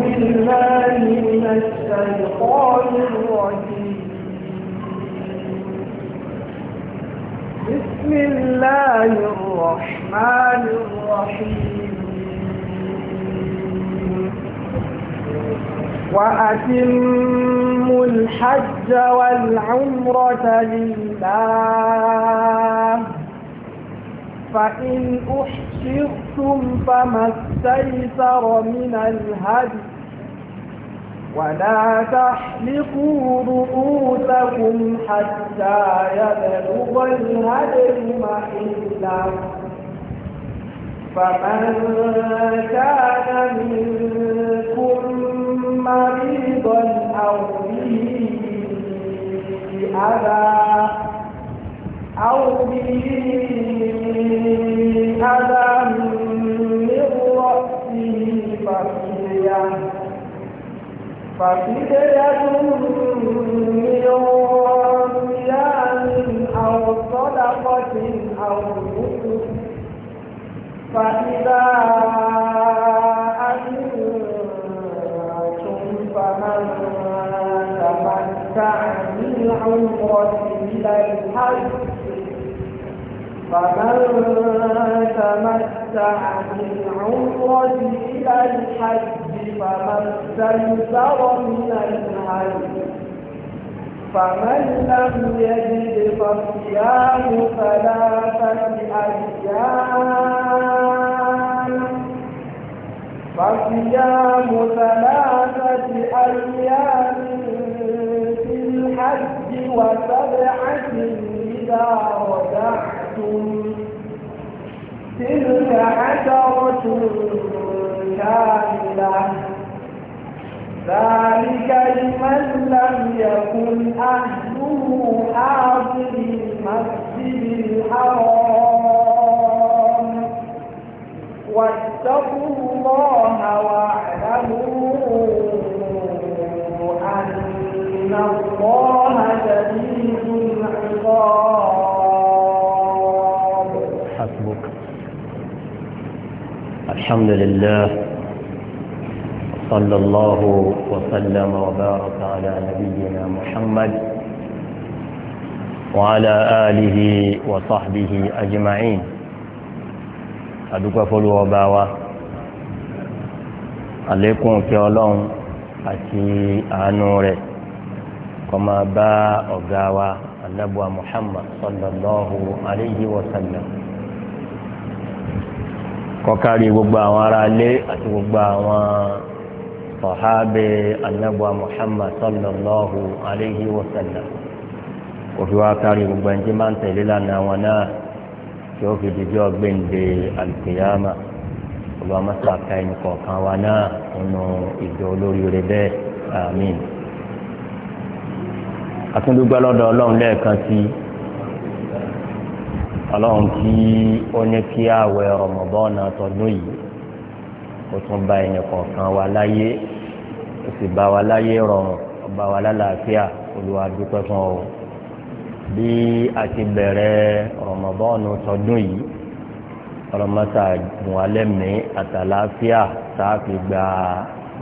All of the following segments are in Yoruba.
بالله من الشيطان الرجيم بسم الله الرحمن الرحيم وأتموا الحج والعمرة لله فإن أحسن شئتم فما استيسر من الهدي ولا تحلقوا رؤوسكم حتى يبلغ الهدي محلا فمن كان منكم مريضا أو به أذى أو به أذى من رأسه ففدية ففدية من صيام أو صدقة أو نسك فإذا أمنتم فمن تمتع بالعمرة إلى الحج فمن تمتع بالعمرة إلى الحج فما استيسر من الحج فمن لم يجد فصيام ثلاثة أيام فصيام ثلاثة أيام في الحج وسبعة إذا رجعت تلك عشرة كاملة ذلك لمن لم يكن أهله حاضر المسجد الحرام واتقوا الله واعلموا أن الله شديد العقاب الحمد لله صلى الله وسلم وبارك على نبينا محمد وعلى آله وصحبه أجمعين أدوك فلو وباوة عليكم في علوم أتي آنور كما با أغاوة النبوة محمد صلى الله عليه وسلم kọkari gbogbo àwọn ará ilé àti gbogbo àwọn sọ̀hábẹ́ anábọ̀ muhammad sallallahu alayhi wa sallam òfin wa kárí gbogbo ẹni tí máa ń tẹ̀lé lánàá wọn náà tí ó fi dìjọ́ gbẹ̀ǹde alùpùyàmà gbogbo àwọn sàkà ẹni kọ̀ọ̀kan wa náà nínú ìjọ olóríire bẹ́ẹ̀ àmín. akíndúgbà lọ́dọ̀ ọlọ́run lẹ́ẹ̀kan sí i ọlọ́run kí ó ní kí ààwẹ̀ Ramadan tọdún yìí ó tún bá ẹnì kọ̀ọ̀kan wa láyé ó sì bá wa láyé rọrùn ọba wa lálàáfíà Olúwa dúpẹ́ fún ọ bí a ti bẹ̀rẹ̀ Ramadan tọdún yìí ọlọ́mọta gùn alẹ́ mi àtàlàáfíà tá a fi gba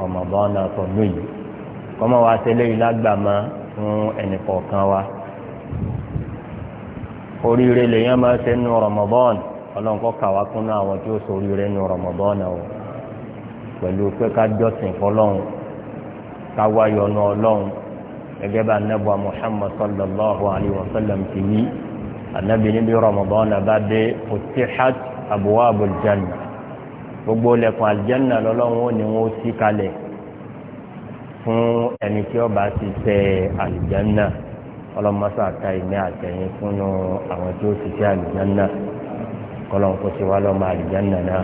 Ramadan tọdún yìí kọ́mọ wa tẹ́lẹ̀ yìí lágbàmọ́ fún ẹnì kọ̀ọ̀kan wa oríire lèyàn máa ṣe nù Ramadan ọlọ́run kọ́ kàwá kún náà àwọn tí ó sọ oríire nù Ramadan o pẹ̀lú pé ká jọ́sìn fọlọ́run ká wáyọ̀ nù ọlọ́run gẹ́gẹ́ bá anábọ̀ Muhammad sallallahu alayhi wa sallam ti yí anábì níbi Ramadan bá dé futihat abwabul janna gbogbo lẹ́kùn aljanna lọ́lọ́run ó ní wọn ó kalẹ̀ fún ẹni tí ó bá ti ṣe aljanna ọlọ́mọṣà ta ìmí àtẹ̀yìn fúnnú àwọn tí ó ti fi àlùjánná kọ́lọ́n kó ti wá lọ́mọ àlùjánná náà.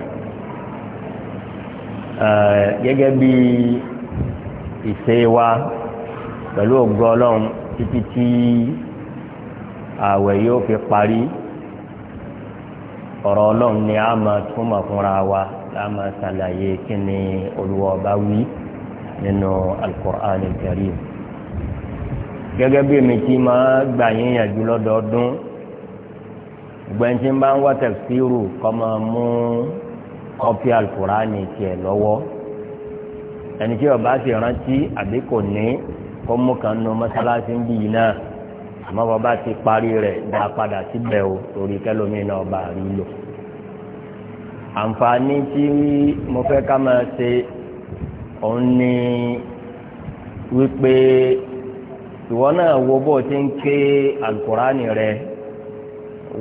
gẹ́gẹ́ bí ìṣe wa pẹ̀lú ògbọ́ ọlọ́run títí tí ààwẹ̀ yóò fi parí ọ̀rọ̀ ọlọ́run ni a máa túmọ̀ fúnra wa a máa ṣàlàyé kí ni olùwọ́ wí nínú Al-Qur'an al gẹ́gẹ́ bí èmi ti máa gbà yín yànjú lọ́dọọdún gbẹ̀ntì bá ń wá tẹ̀síìrù kọ́ máa mú kọ́pì alukurani tiẹ̀ lọ́wọ́ ẹni tí ó bá sì rántí àbí kò ní kó mú kan nu mọ́sálásí ń bì yìí náà àmọ́ bàbá ti parí rẹ̀ dá padà síbẹ̀ o torí kẹlòmí náà bá rí lò àǹfààní tí mo fẹ́ ká máa ṣe òun ni wípé ìwọ náà wo bó o ti ń ké rẹ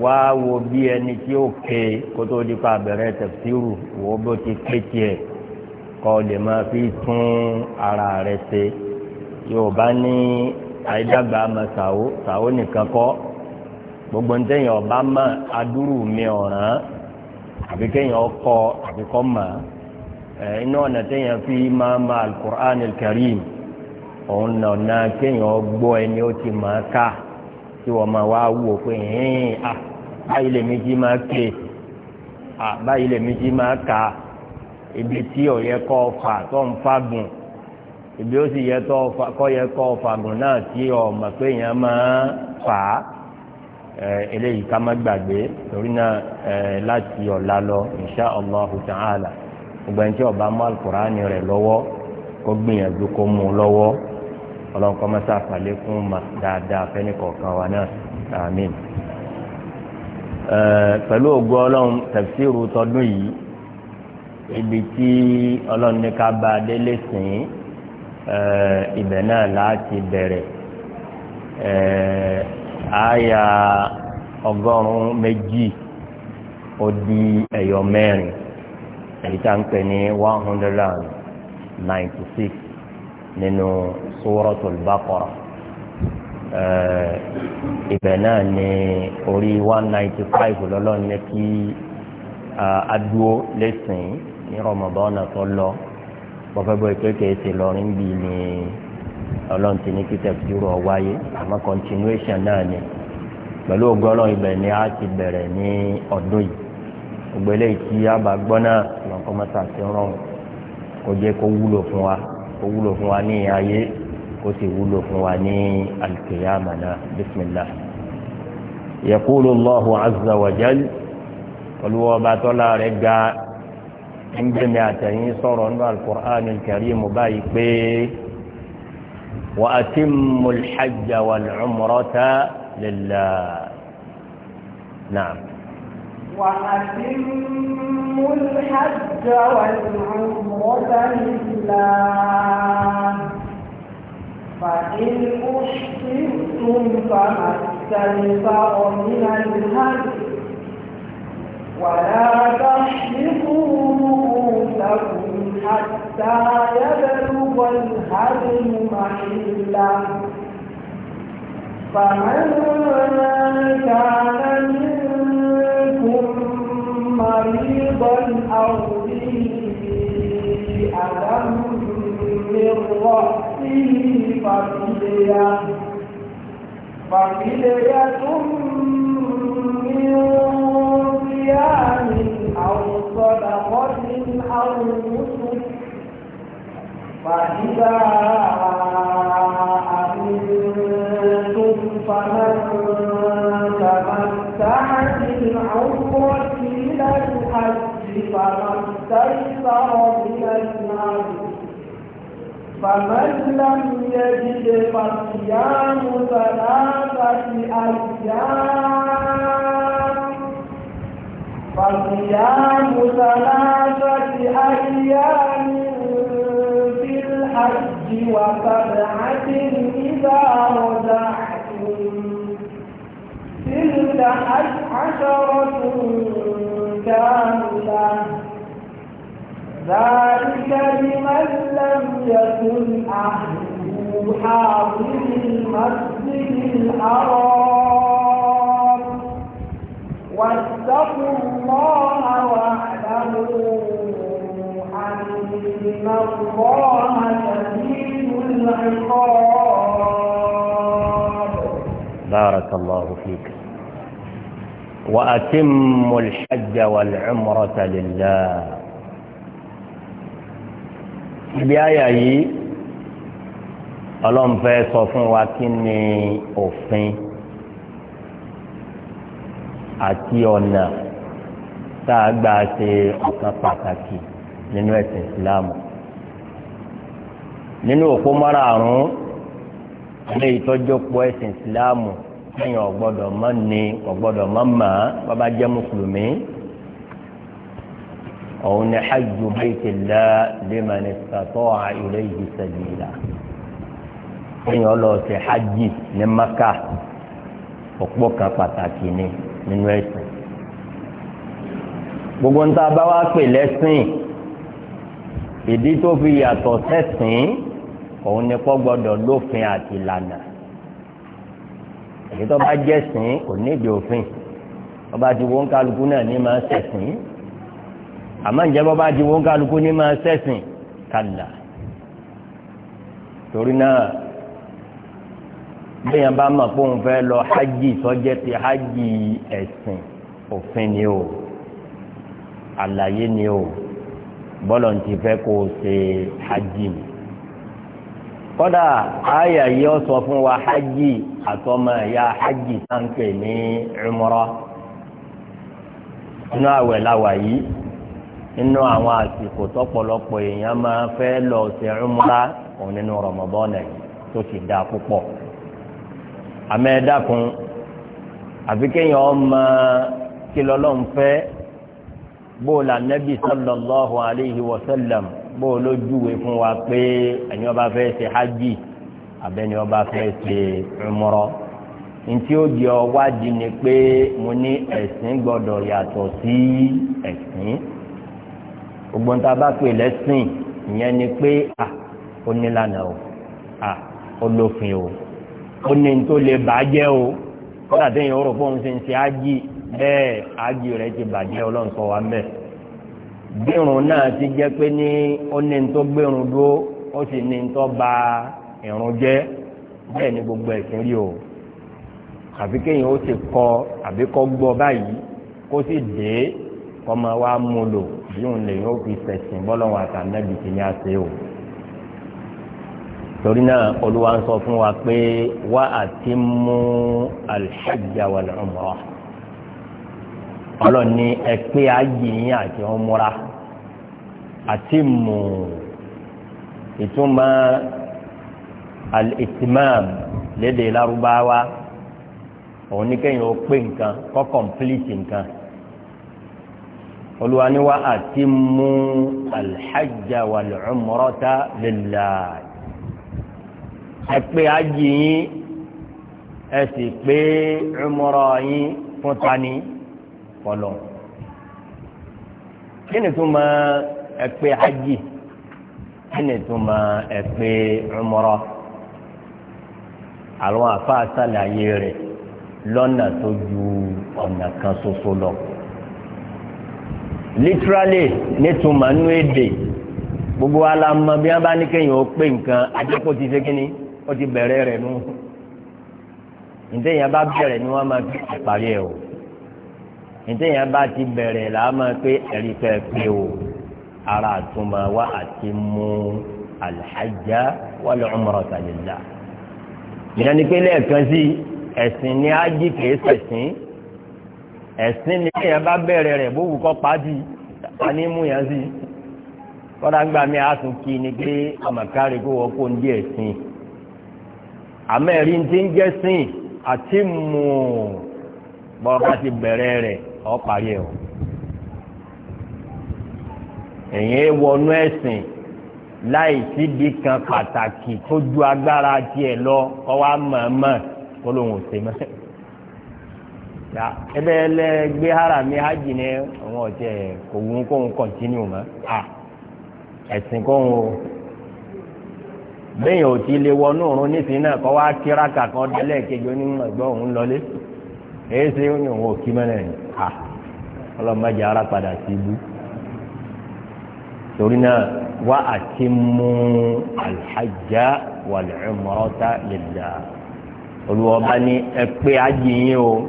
wá wo bí ẹni tí ó ké kótó di pa abẹ́rẹ́ tẹ̀síìrù wo bó ti ké tiẹ̀ kọ́ fi tún ara rẹ ṣe yorùbá ní àìdàgbà ma sàwó sàwó nìkan kọ́ gbogbo ntẹ̀yìn ọba mọ̀ adúrú mi ọ̀ràn àbí kẹ́yìn ọkọ àbí kọ́ mọ̀ ẹ̀ iná ọ̀nà tẹ̀yìn fi máa ma karim. òun nàna kéèyàn gbọ́ ẹni ó ti máa ká tí wọ́n máa wá wò pé hìn à báyìí lèmi jí máa ké à báyìí lèmi jí máa ká ibi tí ò yẹ kọ́ fà tó ibi ó sì yẹ kọ́ yẹ kọ́ fagùn náà tí ma pé èèyàn máa fà á eléyìí ká má gbàgbé torí náà láti ọ̀la lọ insha allahu ta'ala tí rẹ̀ lọ́wọ́ kó gbìyànjú kó ọlọ́run kọ́ mọ́sá àpàlékún mà dáadáa fẹ́nìkọ̀ọ̀kan wa náà àmín. pẹ̀lú ògo ọlọ́run tafsiru tọdún yìí ibi tí ọlọ́run ní ká bá a dé lẹ́sìn ibẹ̀ náà láti bẹ̀rẹ̀ àyà ọgọ́rùn-ún méjì ó di ẹ̀yọ mẹ́rin èyí tá à ń pè ní one hundred and ninety six nínú Suratul Baqara eh, ibẹ̀ náà ní orí 195 ninety five lọ́lọ́run ní kí eh, adúó lẹ́sìn ní Ramadan tó lọ bọ́fẹ́bọ́ ìkékè ṣe lọ́rin bí ní ọlọ́run ti ní kí tafsiru wáyé àmọ́ continuation náà ni pẹ̀lú ògbọ́nà ibẹ̀ ni a ti bẹ̀rẹ̀ ní ọdún yìí ògbẹ́lẹ̀ ìtì àbàgbọ́n náà lọ́kọ́ mọ́ta ti rọrùn kó jẹ́ kó wúlò fún wa kó wúlò fún wa ní ayé kó sì wúlò fún wa ní alkiyama náà bisimilah. yaqulu Allahu azza wa jal olùwọ́ba tọ́lá rẹ̀ ga ẹnjẹ́mi àtẹ̀yìn sọ̀rọ̀ nínú alukur'an karim báyìí pé wa atimmu alhajja wal umrata lillah naam. وأتموا الحج والعمرة لله فإن أحسنتم فما استيسر من الهدي ولا تحلقوا رؤوسكم حتى يبلغ الهدي محله فمن كان مريضا أو به ألم من رأسه ففدية ففدية من صيام أو صدقة أو نسك فإذا أمنتم فمن تمتع بالعمرة من الحج فمن استيسر من الهدي فمن لم يجد أيام فصيام ثلاثة أيام في الحج وسبعة إذا رجعتم تلك عشرة كاملة ذلك لمن لم يكن أهله حاضر المسجد الحرام واتقوا الله واعلموا أن الله شديد العقاب بارك الله فيك وأتموا الحج والعمرة لله ibi àyà yìí ọlọ́run fẹ́ sọ fún wa kí ni òfin àti ọ̀nà tá a gbà ṣe ọ̀kan pàtàkì nínú ẹ̀sìn ìsìláàmù nínú òpó márààrún ilé ìtọ́jú pọ̀ ẹ̀sìn ìsìláàmù kéèyàn ọ̀gbọ́dọ̀ má ní ọ̀gbọ́dọ̀ má mà á bàbá jẹ́ mùsùlùmí òun ni hajj baitillah liman istata'a ilayhi sabila kéèyàn lọ sí hajj ní maka ọ̀pọ̀ kan pàtàkì ni nínú ẹ̀sìn gbogbo ń ta bá wá pè lẹ́sìn ìdí tó fi yàtọ̀ sẹ́sìn òun ni kò gbọ́dọ̀ lófin àti ìlànà èyí tó bá jẹ́ sìn kò nídìí òfin ọba ti wọ́n kálukú náà ní máa sẹ̀sìn àmọ́ ǹjẹ́ bọ́ bá ti wọ́n kálukú ní máa sẹ̀sìn kàlà torí náà bẹ́yàn bá mọ̀ pé òun fẹ́ lọ hajj sọ́jẹ́ ti hajj ẹ̀sìn òfin ni o àlàyé ni o bọ́lọ̀ ti fẹ́ kó o ṣe hajj mi kódà àyà yìí ó sọ fún wa hajj àtọmọ ẹ̀yà hajj sáńpẹ̀ ní umrah inú àwẹ̀ làwà yìí inú àwọn àsìkò tọ́pọ̀lọpọ̀ èèyàn máa fẹ́ lọ sí umrah òun nínú Ramadan yìí tó ti dá púpọ̀ àmẹ́ẹ̀dákun àfi kéèyàn ọmọ kí lọ́lọ́run fẹ́ bó la Nabi sallallahu bó o ló júwe fún wa pé ẹni ọba fẹ́ ṣe hajj abẹ́ni ọba fẹ́ ṣe umrah ntí ó di ọwádìí ni pé mo ní ẹ̀sìn gbọ́dọ̀ yàtọ̀ sí ẹ̀sìn gbogbo nta bá pè lẹ́sìn ìyẹn ni pé à ó nílànà o à ó lófin o ó ní tó lè bàjẹ́ o kódà téèyàn ó rò pé òun ṣe ń ṣe ájì bẹ́ẹ̀ ájì rẹ̀ ti bàjẹ́ ọlọ́run sọ wa mẹ́ẹ̀ gbẹ̀rún náà ti jẹ́ pé ní ó ní ní tó gbẹ̀rún dúró ó sì ní ní tó ba ìrún jẹ́ bẹ́ẹ̀ ni gbogbo ẹ̀sìn rí o àfi kéèyàn ó sì kọ àbí kọ́ gbọ́ báyìí kó sì dé kọ́ máa wá mú lò bí òun lèyìn ó fi sẹ̀sìn bọ́lọ́wọ́ àtànẹ́bì ti ní àṣẹ o torí náà Olúwa ń sọ fún wa pé wá àti mú al-hajja wal-umrah ọlọ́ni ẹ̀pẹ́ ayéyìn àti ọmọra àti mú ìtumọ̀ al-itimam lédè lárúbáwá òun ní kẹ́yìn ó pé nǹkan kọ́ kọ́mpilíìtì nǹkan olúwa ni wá àti mú alhajja wal-umrata lillah ẹ̀pẹ́ ayéyìn ẹ̀ pé umra yín fún tani fọlọ kí ni tó máa ẹ̀pẹ́ hajj kí ni tó máa ẹ̀pẹ́ umrah àwọn afa àṣàlàyé rẹ̀ lọ́nà tó ju ọ̀nà kan ṣoṣo lọ literally nítumọ̀ nú ede. gbogbo wa la mọ bí wọn bá ní kéèyàn ó pé nǹkan adékò ti ṣe kínní ti bẹ̀rẹ̀ rẹ̀ nù nítorí yẹn bá ni wọ́n ma fi àparí ẹ̀ o nítẹ̀yìn bá ti bẹ̀rẹ̀ là á máa pé ẹ̀rí fẹ́ pé o ara àtúmọ̀ wá àti mú alhajjá wal umrata lillah. ìyẹn ni pé lẹ́ẹ̀kan sí ẹ̀sìn ní ájì kìí ṣẹ̀sìn ẹ̀sìn ni ẹ̀yìn bá bẹ̀rẹ̀ rẹ̀ bówù kọ́ pàdé ta ni mú yẹn sí kọ́dà ń gbà mí ni pé àmàkárí kó wọ́n kó ń di ẹ̀sìn àmẹ́rin ti ń jẹ́sìn àti mú bọ́ọ̀ bá ti bẹ̀rẹ̀ rẹ̀. ọ parí ẹ o èyàn wọnú ẹ̀sìn láì kan pàtàkì tó ju agbára tiẹ̀ lọ kọ́ wa mọ̀ọ́mọ̀ kó ṣe mọ́ ebe ẹlẹ gbé hajj ni kò wù kó ń mọ́ a ẹ̀sìn o ti lè wọnú nísìnyí náà kọ́ wa kejì onímọ̀ èyí ṣe ó ní òun ò kí mẹ́rin ni à ọlọ́mọdé ara padà sí ibú torí náà wá àti mú alhajjá wal-umrata lillah olùwọ́ba ní ẹ pé ajínyìn o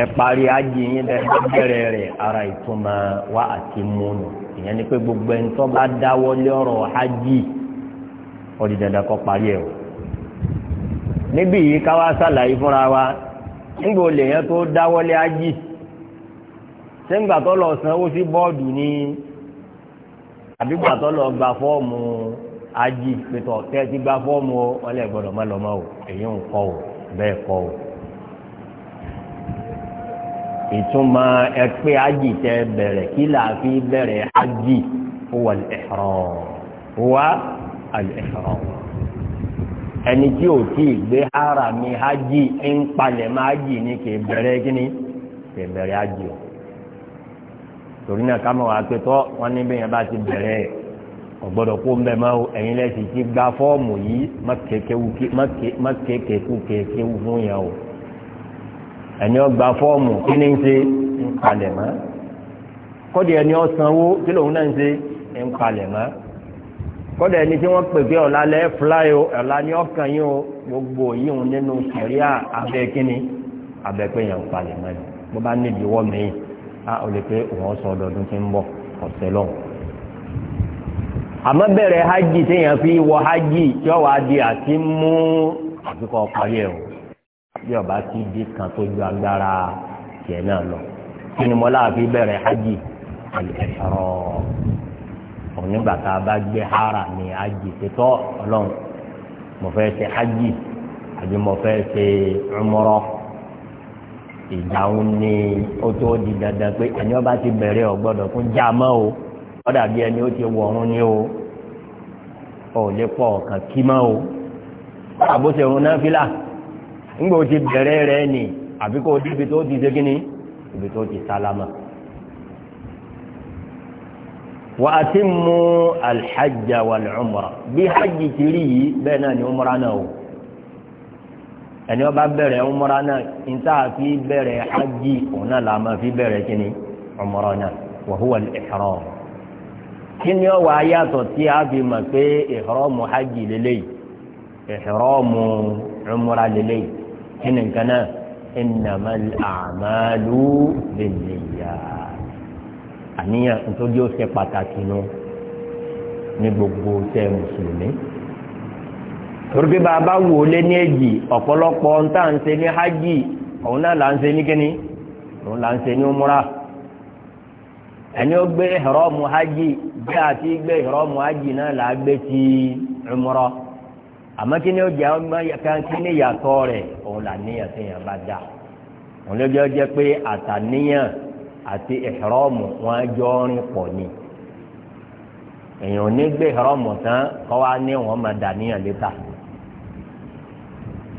ẹ parí ajínyìn bẹ́ẹ̀ bẹ̀rẹ̀ rẹ̀ ara ìtumọ̀ wá àti mú nù ìyẹn ni pé gbogbo ẹni tó bá dáwọ́lé ọ̀rọ̀ hajj ó di parí ẹ̀ o níbí yìí ká wá fúnra wa nígbà olè yẹn tó dáwọ́lé ájì sẹ́ńgbà tó lọ sanwó sí bọ́ọ̀dù ni àbí gbà tó lọ gba fọ́ọ̀mù ájì pẹ̀tọ̀ kẹ́ ẹ ti gba fọ́ọ̀mù ọlẹ́ gbọ́dọ̀ má lọ mọ́ o èyí ń kọ́ o bẹ́ẹ̀ kọ́ o ìtumọ̀ ẹ̀pẹ́ ájì tẹ bẹ̀rẹ̀ kí làáfi bẹ̀rẹ̀ ájì huwa al-ihram huwa al-ihram ẹni tí ò tí ì gbé ara mi hajj ń palẹ̀ máa jì ní kì í bẹ̀rẹ̀ kíní kì í bẹ̀rẹ̀ hajj o torí náà ká mọ̀ wá pé tọ́ wọn ní bẹ́yẹn bá ti bẹ̀rẹ̀ ọ̀gbọ́dọ̀ kó ń bẹ̀ mọ́ o ẹ̀yin lẹ́sìn ti gba fọ́ọ̀mù yìí má kéèké kú kéèké fún yẹn o ẹni ọgbà fọ́ọ̀mù kí ni ń ṣe ń palẹ̀ mọ́ kọ́dì ẹni ọ̀sánwó kí lòun náà ń ṣe ń palẹ̀ mọ́ kọ́dà ẹni tí wọ́n pè pé ọ̀la lẹ́ fúláì o ọ̀la ní ọkàn yín o gbogbo yín nínú sẹ̀ríà abẹ́ kínní abẹ́ pé yẹn ń palẹ̀ mọ́ ẹ̀ bó bá níbi wọ́ mi a ò lè pé òun sọ ọdọọdún tí ń bọ̀ ọ̀sẹ̀ lọ́wọ́. àmọ́ bẹ̀rẹ̀ hajj téèyàn fi wọ hajj tí ọ̀wá di àti mú àfikọ́ parí ẹ̀ o bí ọba ti di kan tó ju agbára tiẹ̀ náà lọ kí ni mo láàfin bẹ̀rẹ̀ hajj onígbà tá a bá gbé hara ní ají pẹ̀tọ́ ọlọ́run mo fẹ́ ṣe ají àbí mo fẹ́ ṣe umrah ìdáhùn ni ó tó di dandan pé ẹni ọba ti bẹ̀rẹ̀ ó gbọ́dọ̀ fún jáàmọ́ o ọ̀dà bí ẹni ó ti wọ̀run ni o ò lè pọ̀ kàn kí mọ́ o àbóṣe òun náà fílà ńgbà ó ti bẹ̀rẹ̀ rẹ̀ ni àbí kó o débi tó ti ṣe kí ni ibi tó ti sálámà wa atimmu alhajja wal umra bí hajj ti rí yìí bẹ́ẹ̀ náà ni umra náà o ẹni ó bá bẹ̀rẹ̀ umra náà níta fi bẹ̀rẹ̀ hajj òun náà la máa fi bẹ̀rẹ̀ kí ni umra náà wa huwa al-ihram kí ni wà á tí a fi mọ̀ pé ihramu hajj lélẹ́yìí ihramu umra lélẹ́yìí kí ni nǹkan náà innamal a'malu bin niyyah. àníyàn nítorí ó ṣe pàtàkì nu ní gbogbo ṣe mùsùlùmí torí pé bàbá wò ó lé ní èjì ọ̀pọ̀lọpọ̀ nta ń ṣe ní hajj òun náà là ń ṣe ní òun là ń ṣe ní umra ẹni ó gbé ìhọ́rọ́mù hajj bí àti gbé ìhọ́rọ́mù hajj náà là á gbé ti umra àmọ́ ó jẹ́ ọmọ kan rẹ̀ òun là níyàn àti ìhrọ́mù wọn jọ rìn pọ̀ ni èèyàn ní gbé ìhrọ́mù tán kọ́ wa ní wọn máa dà níyàn létà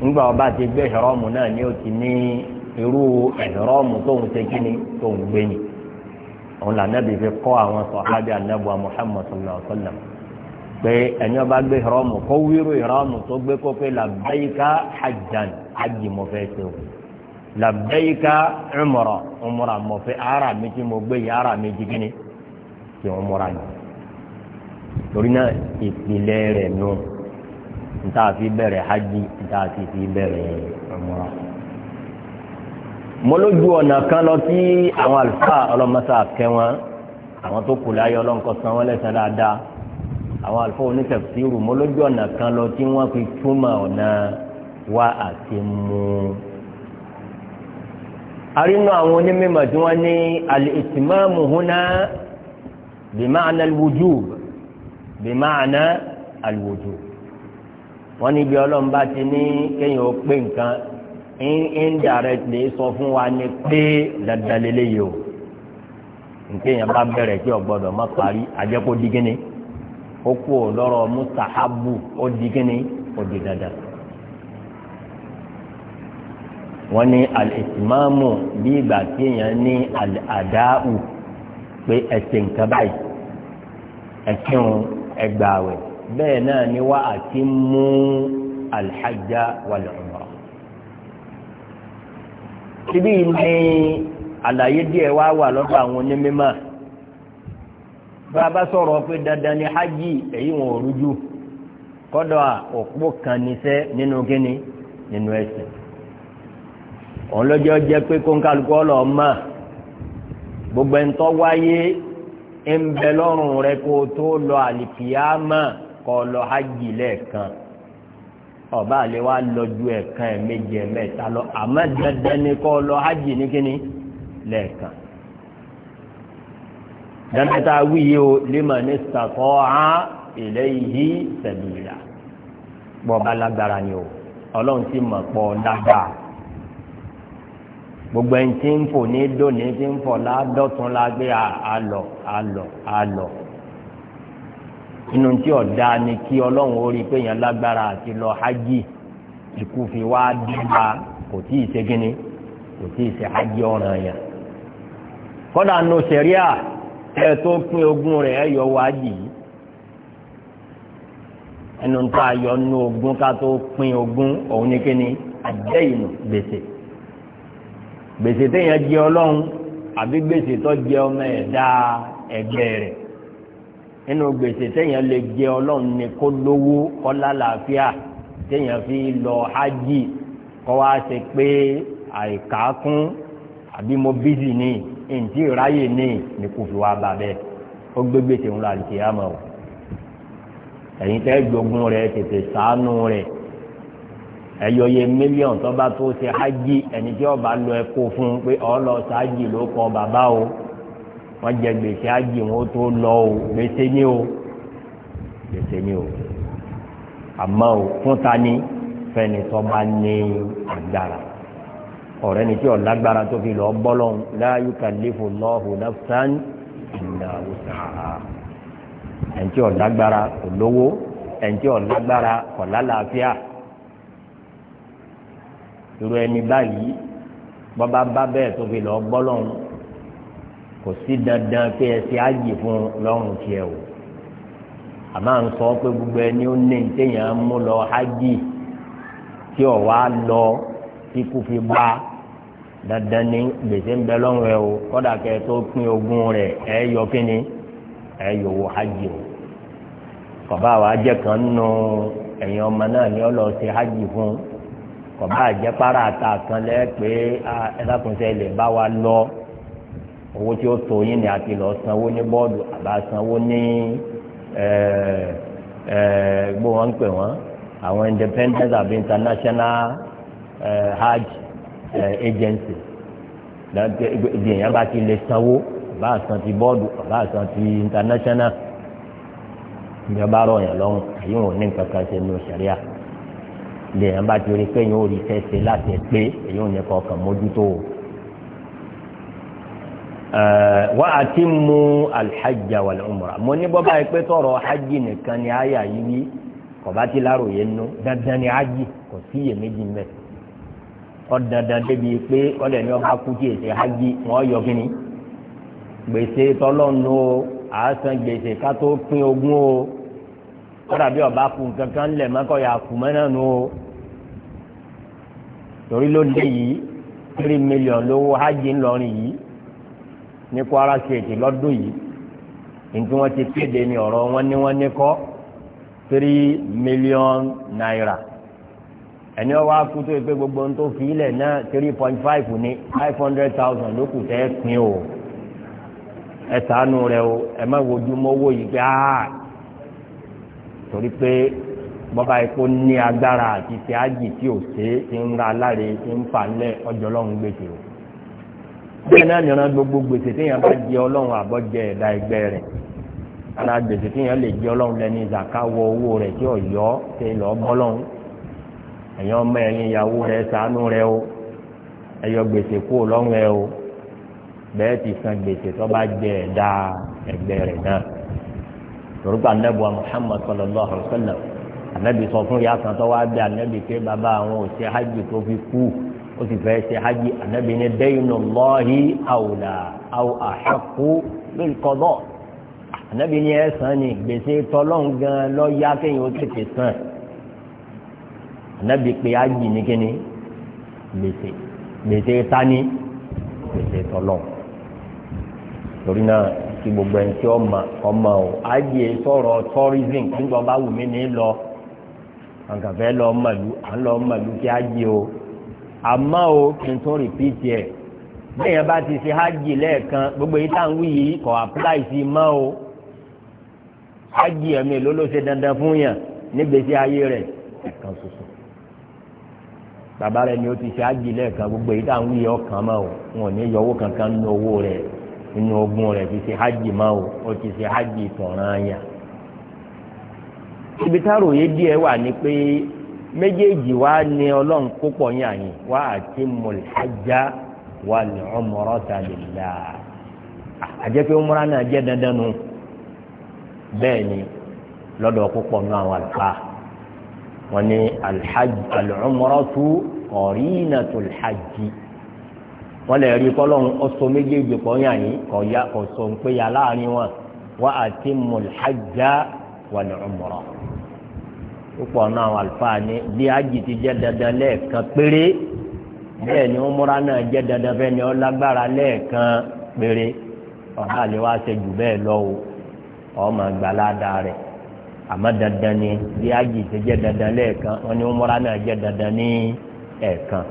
ńgbà ọba ti gbé ìhrọ́mù náà ni ó ti ní irú ìhrọ́mù tóun ṣe kí ni tóun gbé ni òun là nẹ́bi fi kọ́ àwọn sọ̀hábì anábùa Muhammad sallallahu alaihi wa sallam pé ẹni ọba gbé ìhrọ́mù kó wíru ìhrọ́mù tó gbé kó pé labbaika hajjan hajj mo fẹ́ ṣe o. labẹ́yìká umra umra mọ̀fẹ́ ara meji tí mo ara mi gịnị umra ni torí náà ìpìlẹ̀ fi hajj nta sì fi bẹ̀rẹ̀ umra. mo lójú kan lọ sí àwọn àlùfáà ọlọ́mọṣà kẹwọn àwọn tó kù láyé ọlọ́nkọ san wọ́n lẹ́sẹ̀ dáadáa àwọn arínú àwọn onímọ̀ tí wọ́n ní al-itmamu huna bima'na al-wujub bima'na al-wujub wọ́n níbi ọlọ́mba ti ní kéèyàn ó pé nǹkan indirectly sọ fún wa ní pé dandan lélẹ́yìí o nkéèyàn bá bẹ̀rẹ̀ kí ọ̀gbọ́dọ̀ má parí àjẹkó digini ó kú ọ lọ́rọ̀ mustahabu ó digini ó di dandan wọ́n ní alìsímáàmù bí ìgbà tí èèyàn ní àdáhù pé ẹ̀sìn nǹkan báyìí ẹ̀kírun ẹgbàáwẹ̀ bẹ́ẹ̀ náà ni wá àti mú alhajjá wal umra. síbí ní àlàyé díẹ̀ wá wà lọ́dọ̀ àwọn onímọ̀ bá a bá sọ̀rọ̀ pé dandan ni hajj èyí wọn ò rújú kọ́dọ̀ òpó kan níṣẹ́ nínú gíní nínú ẹ̀sìn òun lọ́jọ́ jẹ́ pé kóńkálukú ọ̀lọ́ mọ̀ gbogbo ẹ̀ ń tọ́ wáyé ń bẹ lọ́rùn rẹ kó o tó lọ àlìkìyámà kó o lọ hajj lẹ́ẹ̀kan ọba àlè wa lọ ju ẹ̀kan ẹ̀ méje ẹ̀ mẹ́ta lọ àmọ́ dandan ni kó o lọ hajj ní kíni lẹ́ẹ̀kan dandata wiye o lima ni sakọha eléyìí sẹbìlà bọba lágbára ni o Ọlọ́run ti mọ̀ pọ̀ dáadáa gbogbo ẹni tí ń fò ní dòní tí ń fò ládọ́tún lágbé àlọ́ àlọ́ àlọ́ inú tí ọ̀dà ni kí ọlọ́run ó rí i pé èèyàn lágbára àti lọ hajj ikú fi wá dìbà kò tí ì ṣe gíní kò tí ì ṣe hajj ọ̀ràn yẹn kọ́dà nù sẹ̀ríà ẹ tó pín ogún rẹ̀ ẹ yọ wá jì í ẹnu tá a yọ nù ogún ká tó pín ogún òun ní kíni àjẹ́yìn gbèsè gbèsè téèyàn jẹ ọlọ́run àbí gbèsè tó jẹ ọmọ ẹ̀dá ẹgbẹ́ rẹ̀ nínú gbèsè téèyàn lè jẹ ọlọ́run ni kó lówó kó lálàáfíà téèyàn fi lọ hajj kó wá ṣe pé àìkákún àbí mo bízì ní ntí ìráyè ní ni kò fi wá bà bẹ́ẹ̀ ó gbé gbèsè ńlá àlùkìyàmọ̀ ẹ̀yin tẹ́ gbógun rẹ̀ tètè ṣàánú rẹ̀ ẹ̀yọ̀yẹ mílíọ̀n tó bá tó ṣe hajj ẹni tí ọba lọ ẹ̀kọ́ fún un pé ọ lọ ṣáájì ló kọ bàbá o wọ́n jẹ gbèsè hajj wọn ó tó lọ o gbèsè ni o gbèsè ni o àmọ́ o fún ta ni fẹ́ni tó bá ní agbára ọ̀rẹ́ ni tí ò lágbára tó fi lọ bọ́lọ̀ la yukallifu Allahu nafsan illa wus'aha ẹni tí ò lágbára kò lówó ẹni tí ò lágbára kò lálàáfíà. La irú ẹni báyìí bọ́bá bá bẹ́ẹ̀ tó fi lọ́ọ́ gbọ́ lọ́run kò sí dandan pé ẹ ti ájì fún lọ́rùn tiẹ̀ o àmọ́ à ń sọ pé gbogbo ẹni ó ní téèyàn mú lọ ájì tí ò lọ tí kú fi bá dandan ní gbèsè ń bẹ lọ́rùn ẹ o kọ́dà kẹ́ ẹ tó pín ogún rẹ̀ ẹ yọ kínní ẹ yòwò ájì o kọ̀bá wa jẹ́ kan nù ẹ̀yin ọmọ náà ni ọ lọ ṣe ájì fún un kọba àjẹpára àtàkàn lẹ pé ẹdákùnsẹ lè bá wa lọ owó tí ó tó yín ni àti lọ sanwó ní bọ́ọ̀dù àbá sanwó ní gbó wọn ń pè wọn àwọn independent àbí international hajj agency ibi èèyàn bá ti lè sanwó àbá san ti bọ́ọ̀dù àbá san ti international ìjọba rọ̀ yẹn lọ́rùn àyíwọ̀n ní nǹkan kan ṣe ní òṣèré à lèèyàn bá ti rí pé yóò rí sẹ́sẹ́ láti pé èyí ò ní kọkàn mójútó o. wá àti mú alhajj wal umra mo ní bọ́ báyìí pé tọrọ hajj nìkan ni àyà yìí wí kò bá ti láròyé nú dandan ni hajj kò sí iyèméjì mẹ́ ọ dandan débi pé ọlẹ́ ní ọba kú kí èsì hajj wọ́n yọ kí gbèsè tọ́lọ́nù o àásán gbèsè ká pín ogún o. kọ́dà bí ọba kù kankan lẹ̀ mọ́kọ́ yà fún mọ́nà nù o torí lóde yìí three million lówó hajj ńlọrin yìí ní Kwara State lọ́dún yìí nǹkan wọn ti kéde ní ọ̀rọ̀ wọn ní wọn ní kọ́ three million naira ẹni ọwọ́ akutu ìpè gbogbo ń tó fi ilẹ̀ náà three point five ní five hundred thousand ẹ o sànù rẹ o torí pé bọ́ba epo ní agbára àti ti ájì tí ò ṣe é ti ń ra aláre ti ń fà lẹ́ ọjọ́ ọlọ́run gbèsè o bẹ́ẹ̀ náà nìran gbogbo gbèsè téèyàn bá jẹ ọlọ́run àbọ̀jẹ ẹ̀dá ẹgbẹ́ rẹ̀ ara gbèsè téèyàn lè jẹ ọlọ́run lẹ́ni ìzàká wọ owó rẹ̀ tí ọ̀yọ́ ṣe lọ́ bọ́lọ́run ẹ̀yin ọmọ ẹ̀yin ìyàwó rẹ̀ ṣàánú rẹ̀ o ẹ̀yọ gbèsè kú ọlọ́run ẹ̀ o bẹ́ẹ̀ ti san gbèsè tó bá jẹ ẹ̀dá ẹgbẹ́ rẹ̀ náà torúkọ anabi wa muhammad sallallahu alaihi wa sallam anabi sọ fún ìyá kan tó wá bí anabi pé bàbá àwọn ò ṣe hajj tó fi kú ó sì fẹ́ ṣe hajj anabi ní daynu Allahi awla aw ahaqqu bil qada anabi ní ẹ san ni gbèsè tọ́lọ́n gan lọ yá kéèyàn ó tètè san anabi pé hajj ní kíni gbèsè gbèsè tani gbèsè tọ́lọ́n torí náà kí gbogbo ẹni tí ọmọ ọmọ o àjẹ sọ̀rọ̀ tourism nígbà bá wù mí ní lọ àgàfẹ́ lọ mọ̀lú à ń lọ mọ̀lú kí àjẹ o àmọ́ o kí n tún rìpíìtì ẹ̀ bẹ́ẹ̀ bá ti ṣe hajj lẹ́ẹ̀kan gbogbo yìí tá à ń wí yìí kò apply sí i o hajj ẹ̀mí ló ló ṣe dandan fún yàn nígbèsí ayé rẹ̀ ẹ̀kan ṣoṣo bàbá rẹ̀ ni ó ti ṣe hajj lẹ́ẹ̀kan gbogbo yìí tá à ń wí yìí ọkàn mọ́ o wọn ò ní yọ owó kankan nínú owó rẹ̀ inú ogún rẹ̀ ti ṣe hajj máa o ó ti ṣe hajj tọ̀ràn yà. ibi tá ròyé díẹ̀ wà ní pé méjèèjì wá ní ọlọ́run púpọ̀ yàn yín wá àti mọ̀lẹ́hájá wà ní umrata lillah. àjẹpẹ́ umra náà jẹ́ dandan nù bẹ́ẹ̀ ni lọ́dọ̀ púpọ̀ nù àwọn àlùfáà wọ́n ní alhajj al-umratu qarinatu wọ́n lè rí kọ́lọ́hún ọ̀sọ́ méjèèjì pọ̀ yàn yín kọ̀ọ̀yà kọ̀ọ̀sọ̀ ń pé ya láàrin wọn wa atimul hajja wal umrah. púpọ̀ náà àwọn àlùfáà ní bí ájì ti jẹ́ dandan lẹ́ẹ̀kan péré bẹ́ẹ̀ ni umra náà jẹ́ dandan fẹ́ ni ó lágbára lẹ́ẹ̀kan péré ọ̀hún àlè wá ṣe jù bẹ́ẹ̀ lọ o ọmọ gbalada rẹ̀ àmọ́ dandan ni bí ájì ti jẹ́ dandan lẹ́ẹ̀kan wọ́n ní umra náà jẹ́ dandan ní ẹ̀ẹ̀kan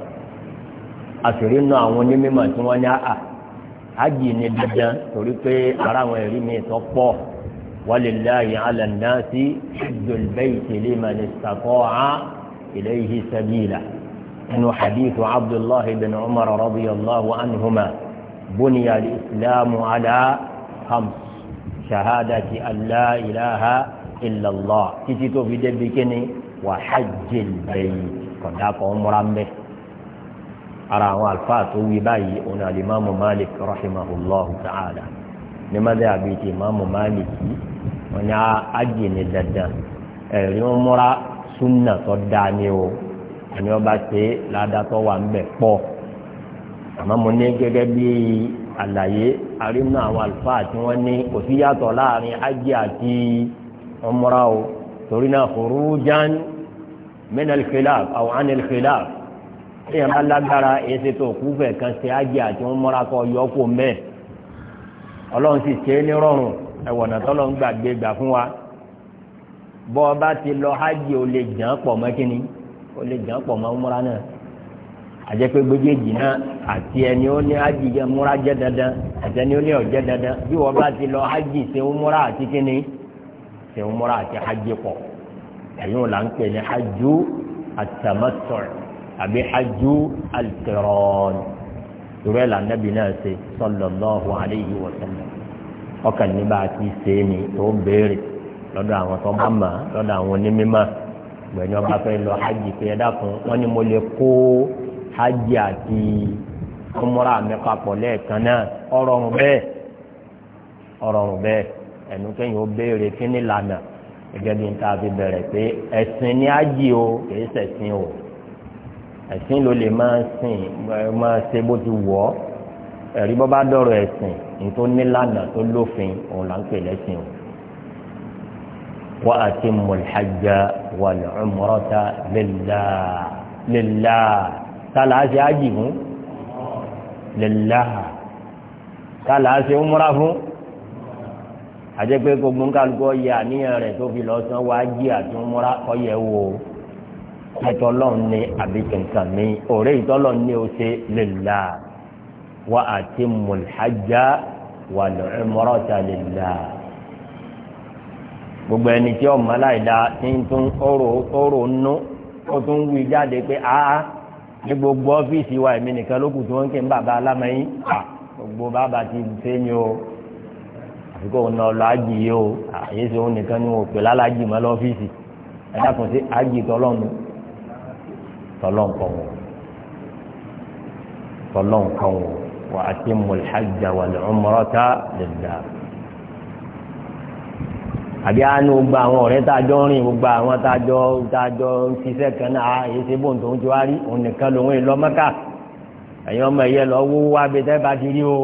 àṣírí nù àwọn onímọ̀ tí wọ́n ní àà hajj ní dandan torí pé ara àwọn ẹ̀rí mi tó pọ̀ walillahi ala nnasi hajjul bayti liman istata'a ilayhi sabila inú hadithu abdullahi bin umar radiyallahu anhuma buniya islamu ala khams shahadati an la ilaha illallah títí tó fi débi kíni wa hajjil bayti kódà kò múra ara àwọn àlùfáà tó wí báyìí òun alimami malik rahimahullahu ta'ala ní mọ́tẹ́ àbí ti imamu malik yìí wọ́n ní ájì ní dandan ẹ̀rí wọn múra súnà tó dáa ní o àní ọba ṣe ládàtọ̀ wà ń bẹ̀ pọ̀ àmọ́ mo ní gẹ́gẹ́ bí àlàyé arínú àwọn àlùfáà tí wọ́n ní kò sí yàtọ̀ láàrin ájì àti ọmọra o torí náà khurujan min al-khilaf aw an al-khilaf èèyàn bá lágbára èsì tó kú fẹ̀ kan ṣe ájì àti wọn mọ́ra kọ yọ kó mẹ́ ọlọ́run sì ṣe é ní rọrùn ẹ̀wọ̀nà tọ́lọ́run gbàgbé gbà fún wa bọ́ ọ bá ti lọ ájì o lè jàn pọ̀ mọ́ kínní o lè jàn pọ̀ mọ́ múra náà àjẹpẹ́ gbẹ́gbẹ́jì náà àti ẹni ó ní ájì jẹ múra jẹ́ dandan àti ẹni ó ní ọ̀jẹ́ dandan bí wọ́n ti lọ ájì ṣe ń múra àti kínní ṣe ń múra àti ájì pọ̀ ẹ̀yìn ò là ń pè ní ájú àtàmọ́sọ̀rọ̀ àbí hajjú alkiron ìrẹ́ là nẹ́bí náà ṣe sallallahu alayhi wa sallam ọkàn ní bá a ti ṣe é ni tó béèrè lọ́dọ̀ àwọn tó bá mà lọ́dọ̀ àwọn onímọ̀ gbẹ̀ni ọba fẹ́ lọ hajj pé ẹ dákun wọ́n ní mo lè kó hajj àti ọmọra mi papọ̀ lẹ́ẹ̀kan náà ọ̀rọ̀rùn bẹ́ẹ̀ ọ̀rọ̀rùn bẹ́ẹ̀ ẹnu kẹ́yìn ó béèrè kí ni lànà gẹ́gẹ́ bí n ta fi bẹ̀rẹ̀ pé ẹ̀sìn ni hajj o kì í ṣẹ̀sìn o ẹ̀sìn ló lè máa sìn máa ṣe bó ti wọ̀ ọ́ ẹ̀rí bọ́ bá dọ̀rọ̀ ẹ̀sìn nítorí ó nílànà tó lófin òun là ń pè lẹ́sìn o. wa atimmul hajja wal umrata lillah lillah tálà á ṣe ájì fún lillah tálà á ṣe umra fún àjẹpẹ́ gbogbo ń kálukọ́ yẹ àníyàn rẹ̀ tó fi lọ́ọ́ sán wájú àti umra kọ́ yẹ wò ó ìtọ́lọ́n ní àbí kankan mi òré ìtọ́lọ́n ní o ṣe lillah wa atimmul hajja wal umrata lillah gbogbo ẹni tí ọmọ aláìda ti ń tún ọ̀rọ̀ nú ó tún wí jáde pé áá ní gbogbo ọ́fíìsì wa èmi nìkan lókùn tí wọ́n ń ké ń bàbá alámẹ́yìn à gbogbo bàbá ti ṣe ni o àfikò ọ̀nà ọ̀lọ́ àjì yìí o àyè ṣe òun nìkan ni wọn ò pè lálájì mọ́ lọ́fíìsì ẹ̀dá kan sí àjì tọ́lọ́nu tọ́lọ́nkan wò tọ́lọ́nkan wò wà á ti mú ìhàjà wà ní ọmọrọ́ta dèjà. àbí àánú gba àwọn ọ̀rẹ́ tá a jọ ń rìn gbogbo àwọn tá a jọ tá a jọ ń ṣiṣẹ́ kan náà èyí ṣe bóun tó ń jọ wá rí òun nìkan lòun èlò mọ́kà ẹ̀yin ọmọ ẹ̀yẹ lọ wó wá bí tẹ́ bá ti rí o.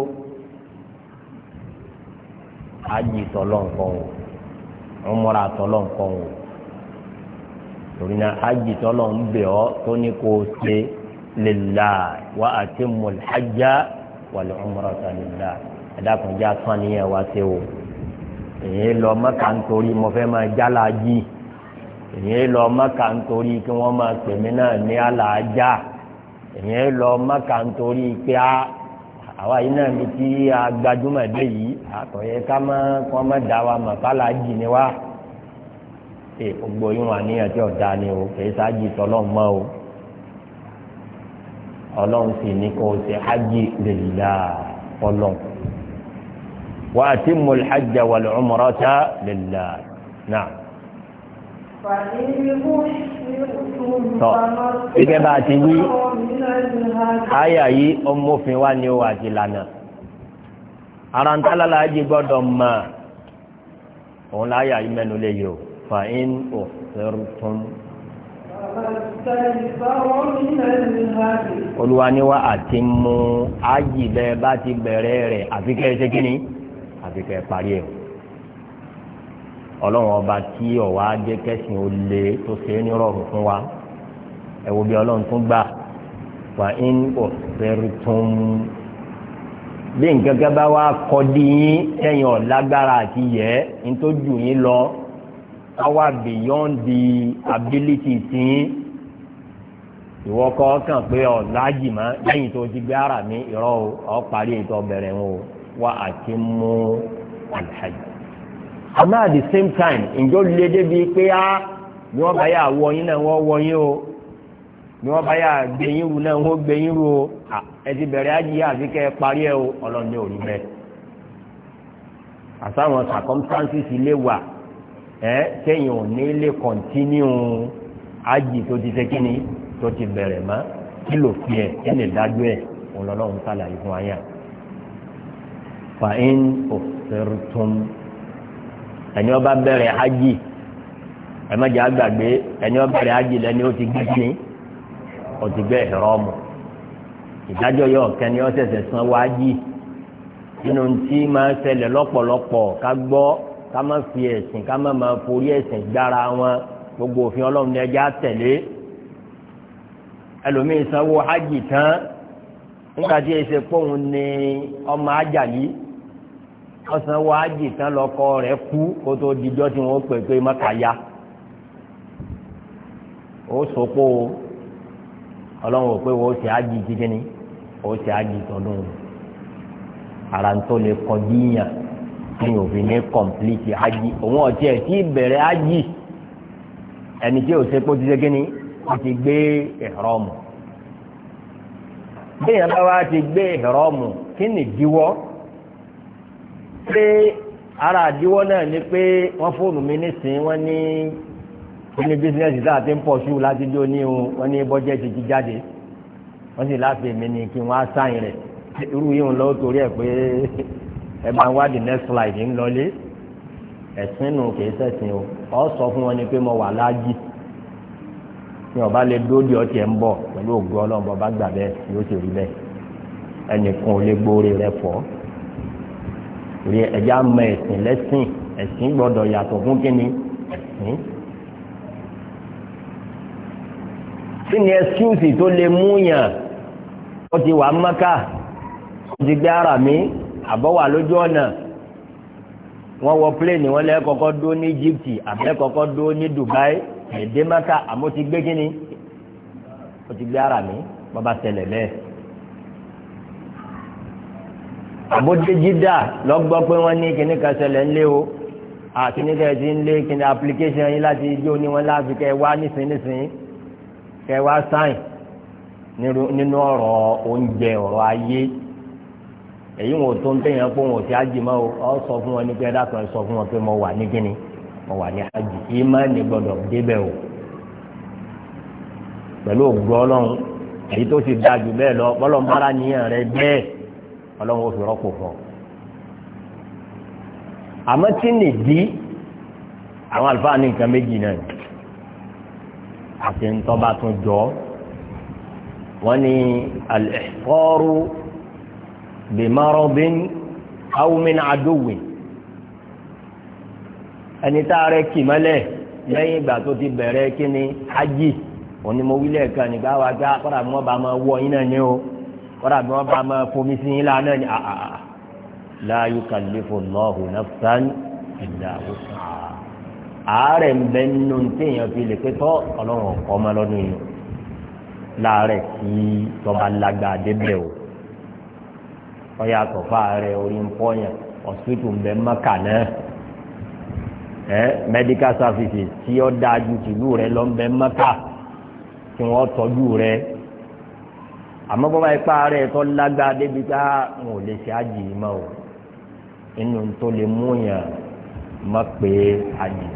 àjì tọ́lọ́nkan wò ọmọra tọ́lọ́nkan wò torí náà hajj tọ́lọ̀ ń bẹ̀ ọ́ tó ní kó o ṣe lillah wa atimmul hajja wal umrata lillah ẹ̀dàkùnjá sàn ní ẹ̀wá ṣe o èyí lọ mọ́kà nítorí mo fẹ́ máa jálàájì èyí lọ mọ́kà nítorí kí wọ́n máa pè mí náà ní àlàájá èyí lọ mọ́kà nítorí pé a àwa yìí náà mi ti agbájúmọ̀ dé yìí àtọ̀yẹ ká má kọ́ má dá wa mọ̀ fàlàájì ni wa ṣe gbogbo irun àníyàn tí ọ̀dà ni o kì í ṣáájì tọ́lọ́run mọ́ o ọlọ́run sì ní kó o ṣe hajj lillah ọlọ́run wa atimmul hajja wal umrata lillah náà tọ́ gẹ́gẹ́ bá a ti wí àyà yìí ọmọfin wa ni ó wà ti lànà ara ń tálálà ájì gbọ́dọ̀ mọ̀ òun láyà yìí mẹ́nu lé yìí o فإن أخطرتم Olúwa ni wá àti mú ájì bẹ́ẹ̀ bá ti bẹ̀rẹ̀ rẹ̀ àfikẹ́ ṣe kí ni àfikẹ́ parí ẹ̀. Ọlọ́run ọba tí ọ̀wá jẹ́ kẹ́sìn ó lè tó ṣe é nírọ̀rùn fún wa. Ẹ wo bí Ọlọ́run tún gbà wà ń bọ̀ fẹ́rù tún. Bí nǹkan kan bá wá kọ́ di yín ẹ̀yìn ọ̀lágbára àti yẹ́ ń tó jù yín lọ power beyond the ability tí ìwọ kọ́ kàn pé ọ̀ láàyè mọ́ lẹ́yìn tó ti gbé ara mi ìrọ̀ ọ̀ parí ètò ọ̀bẹ̀rẹ̀ wọn o wá àti mú alhaji àmọ́ at the same time ǹjọ́ lè débi pé á ah, bí wọ́n bá yà wọ yín náà wọ́n wọ yín o bí wọ́n bá yà gbé yín ru náà wọ́n gbé yín ru o ẹ ti bẹ̀rẹ̀ ájì yá àfi kẹ́ ẹ parí ẹ o ọlọ́ni ò rí bẹ́ẹ̀ àtàwọn circumstances lè wà ẹ sẹ́yìn ò ní lè kọ̀ntínú ájì tó ti ṣe kí ni tó ti bẹ̀rẹ̀ mọ́ kí ló fi ẹ̀ kí lè dájú ẹ̀ òun lọ́lọ́run sàlàyé fún ayà fàáyín òfìrìtún ẹni ọba bẹ̀rẹ̀ ájì ẹ̀mẹ́jẹ̀ àgbàgbé ẹni ọba bẹ̀rẹ̀ ájì lẹ́ni ó ti gbé ní ó ti gbé ẹ̀rọ ọmọ ìdájọ́ yọ ọ̀kẹ́ ni ó ṣẹ̀ṣẹ̀ san wájì nínú tí máa ń ṣẹlẹ̀ lọ́pọ̀lọpọ̀ ká gbọ́ ká má fi ẹ̀sìn ká má má forí ẹ̀sìn gbára wọn gbogbo òfin ọlọ́run ní ẹjẹ́ àtẹ̀lé ẹlòmíì sanwó hajj tán nígbà tí èsè pòun ní ọmọ ajáyí ọsanwó hajj tán lọkọ rẹ̀ kú kó tó dijọ́ tí wọ́n pè pé mọ́kàyà ó sopó ọlọ́run ò pé wọ́n ṣe hajj kíkíní ó ṣe hajj tọdún ara ń tó lè kọjú yàn ní òfin ní kọ̀m̀plìtì ájì òun ọ̀tí ẹ̀ tí bẹ̀rẹ̀ ájì ẹni tí ò ṣe pé ó ti ṣe kíni ó ti gbé ìhrọ́mù bẹ́ẹ̀ bá wá ti gbé ìhrọ́mù kí ni ìdíwọ́ pé ara àdíwọ́ náà ni pé wọ́n fóònù mi nísìnyí wọ́n ní wọ́n ní bísíǹsì tá a ti ń pọ̀ ṣú láti dó ní o wọ́n ní bọ́jẹ́tì ti jáde wọ́n sì láti èmi ni kí wọ́n á sáyìn rẹ̀ irú yìí ń lọ torí ẹ̀ pé ẹ bá wá the next slide ń lọlé ẹ̀sìn nù kìí sẹ̀sìn o ọ sọ fún wọn ni pé mo wà láàjì ní ọba lè dóòdì ọtí ẹ̀ ń bọ̀ pẹ̀lú ògùn ọlọ́run bọba gbà bẹ́ẹ̀ yóò sì rí bẹ́ẹ̀ ẹnìkan ò lè gbóore rẹ fọ́ rí ẹ̀já mọ ẹ̀sìn lẹ́sìn ẹ̀sìn gbọ́dọ̀ yàtọ̀ fún kínní ẹ̀sìn. kí ni ẹ̀sìkúùsì tó lè mú yàn ó ti wà Mákà ó ti gbé ara mi àbọ̀wà lójú ọ̀nà wọ́n wọ pléènì wọ́n lẹ́ẹ̀kọ́kọ́ dó ní Egypt àbẹ́ẹ̀kọ́kọ́ dó ní Dubai ẹ̀ẹ́dẹ́mẹ́ta àmọ́ ti gbé kínní ó ti gbé ara mi bàbá tẹ̀lẹ̀ bẹ́ẹ̀. àbódéjídà lọ́gbọ́ pé wọ́n ní kíní kan ṣẹlẹ̀ ńlẹ́ o àkíní kan ti ń lé kíní application yín láti ijó ní wọn láti kẹ wá nísinsìnyí kẹ wá sáìn nínú ọ̀rọ̀ oúnjẹ ọ̀rọ̀ ayé èyí wọn tó ń tẹ̀yàn pé wọn ò ti ájì mọ́ o ọ sọ fún wọn ní pé ẹ̀dá kan sọ fún wọn pé mo wà ní kíni mo wà ní ájì ìmánì gbọ́dọ̀ débẹ̀ o pẹ̀lú ògùn ọlọ́run èyí tó ti da jù bẹ́ẹ̀ lọ bọ́lọ́n bára nìyẹn rẹ bẹ́ẹ̀ ọlọ́run ó fi rọ́pò fún àmọ́ tí nìdí àwọn àlùfáà ní nǹkan méjì náà àti ntọ́ba tún jọ wọ́n ní al-ihqaru bimarobin awumin adowin ẹni tá a rẹ kì mọ́lẹ̀ lẹ́yìn ìgbà tó ti bẹ̀rẹ̀ kíni ají onímọ̀wílẹ̀ kan nígbà wá gbá ah, kọ́dà bí wọ́n bá máa wọ yín náà ní o kọ́dà bí wọ́n bá máa fomi sí yín láà náà ní àà ah, ah, la yukallifu Allahu nafsan illa wus'aha ń bẹ nínú téèyàn fi lè pé tọ́ ọlọ́run ọ̀kọ́ ọmọ lọ́dún yìí láàárẹ̀ kí tọ́ba lágbàá débẹ̀ o wọ́n yàtọ̀ fáàrẹ̀ orí ń pọ́yàn hospital ń bẹ mọ́kà náà ẹ medical services tí ó dáa ju tìlú rẹ lọ ń bẹ mọ́kà tí wọ́n tọ́jú rẹ àmọ́ bọ́bá ipá rẹ̀ tó lágbá débi tá wọn ò lè ṣe àjì mọ́ o inú tó lè mú yàn mọ́ pé àjì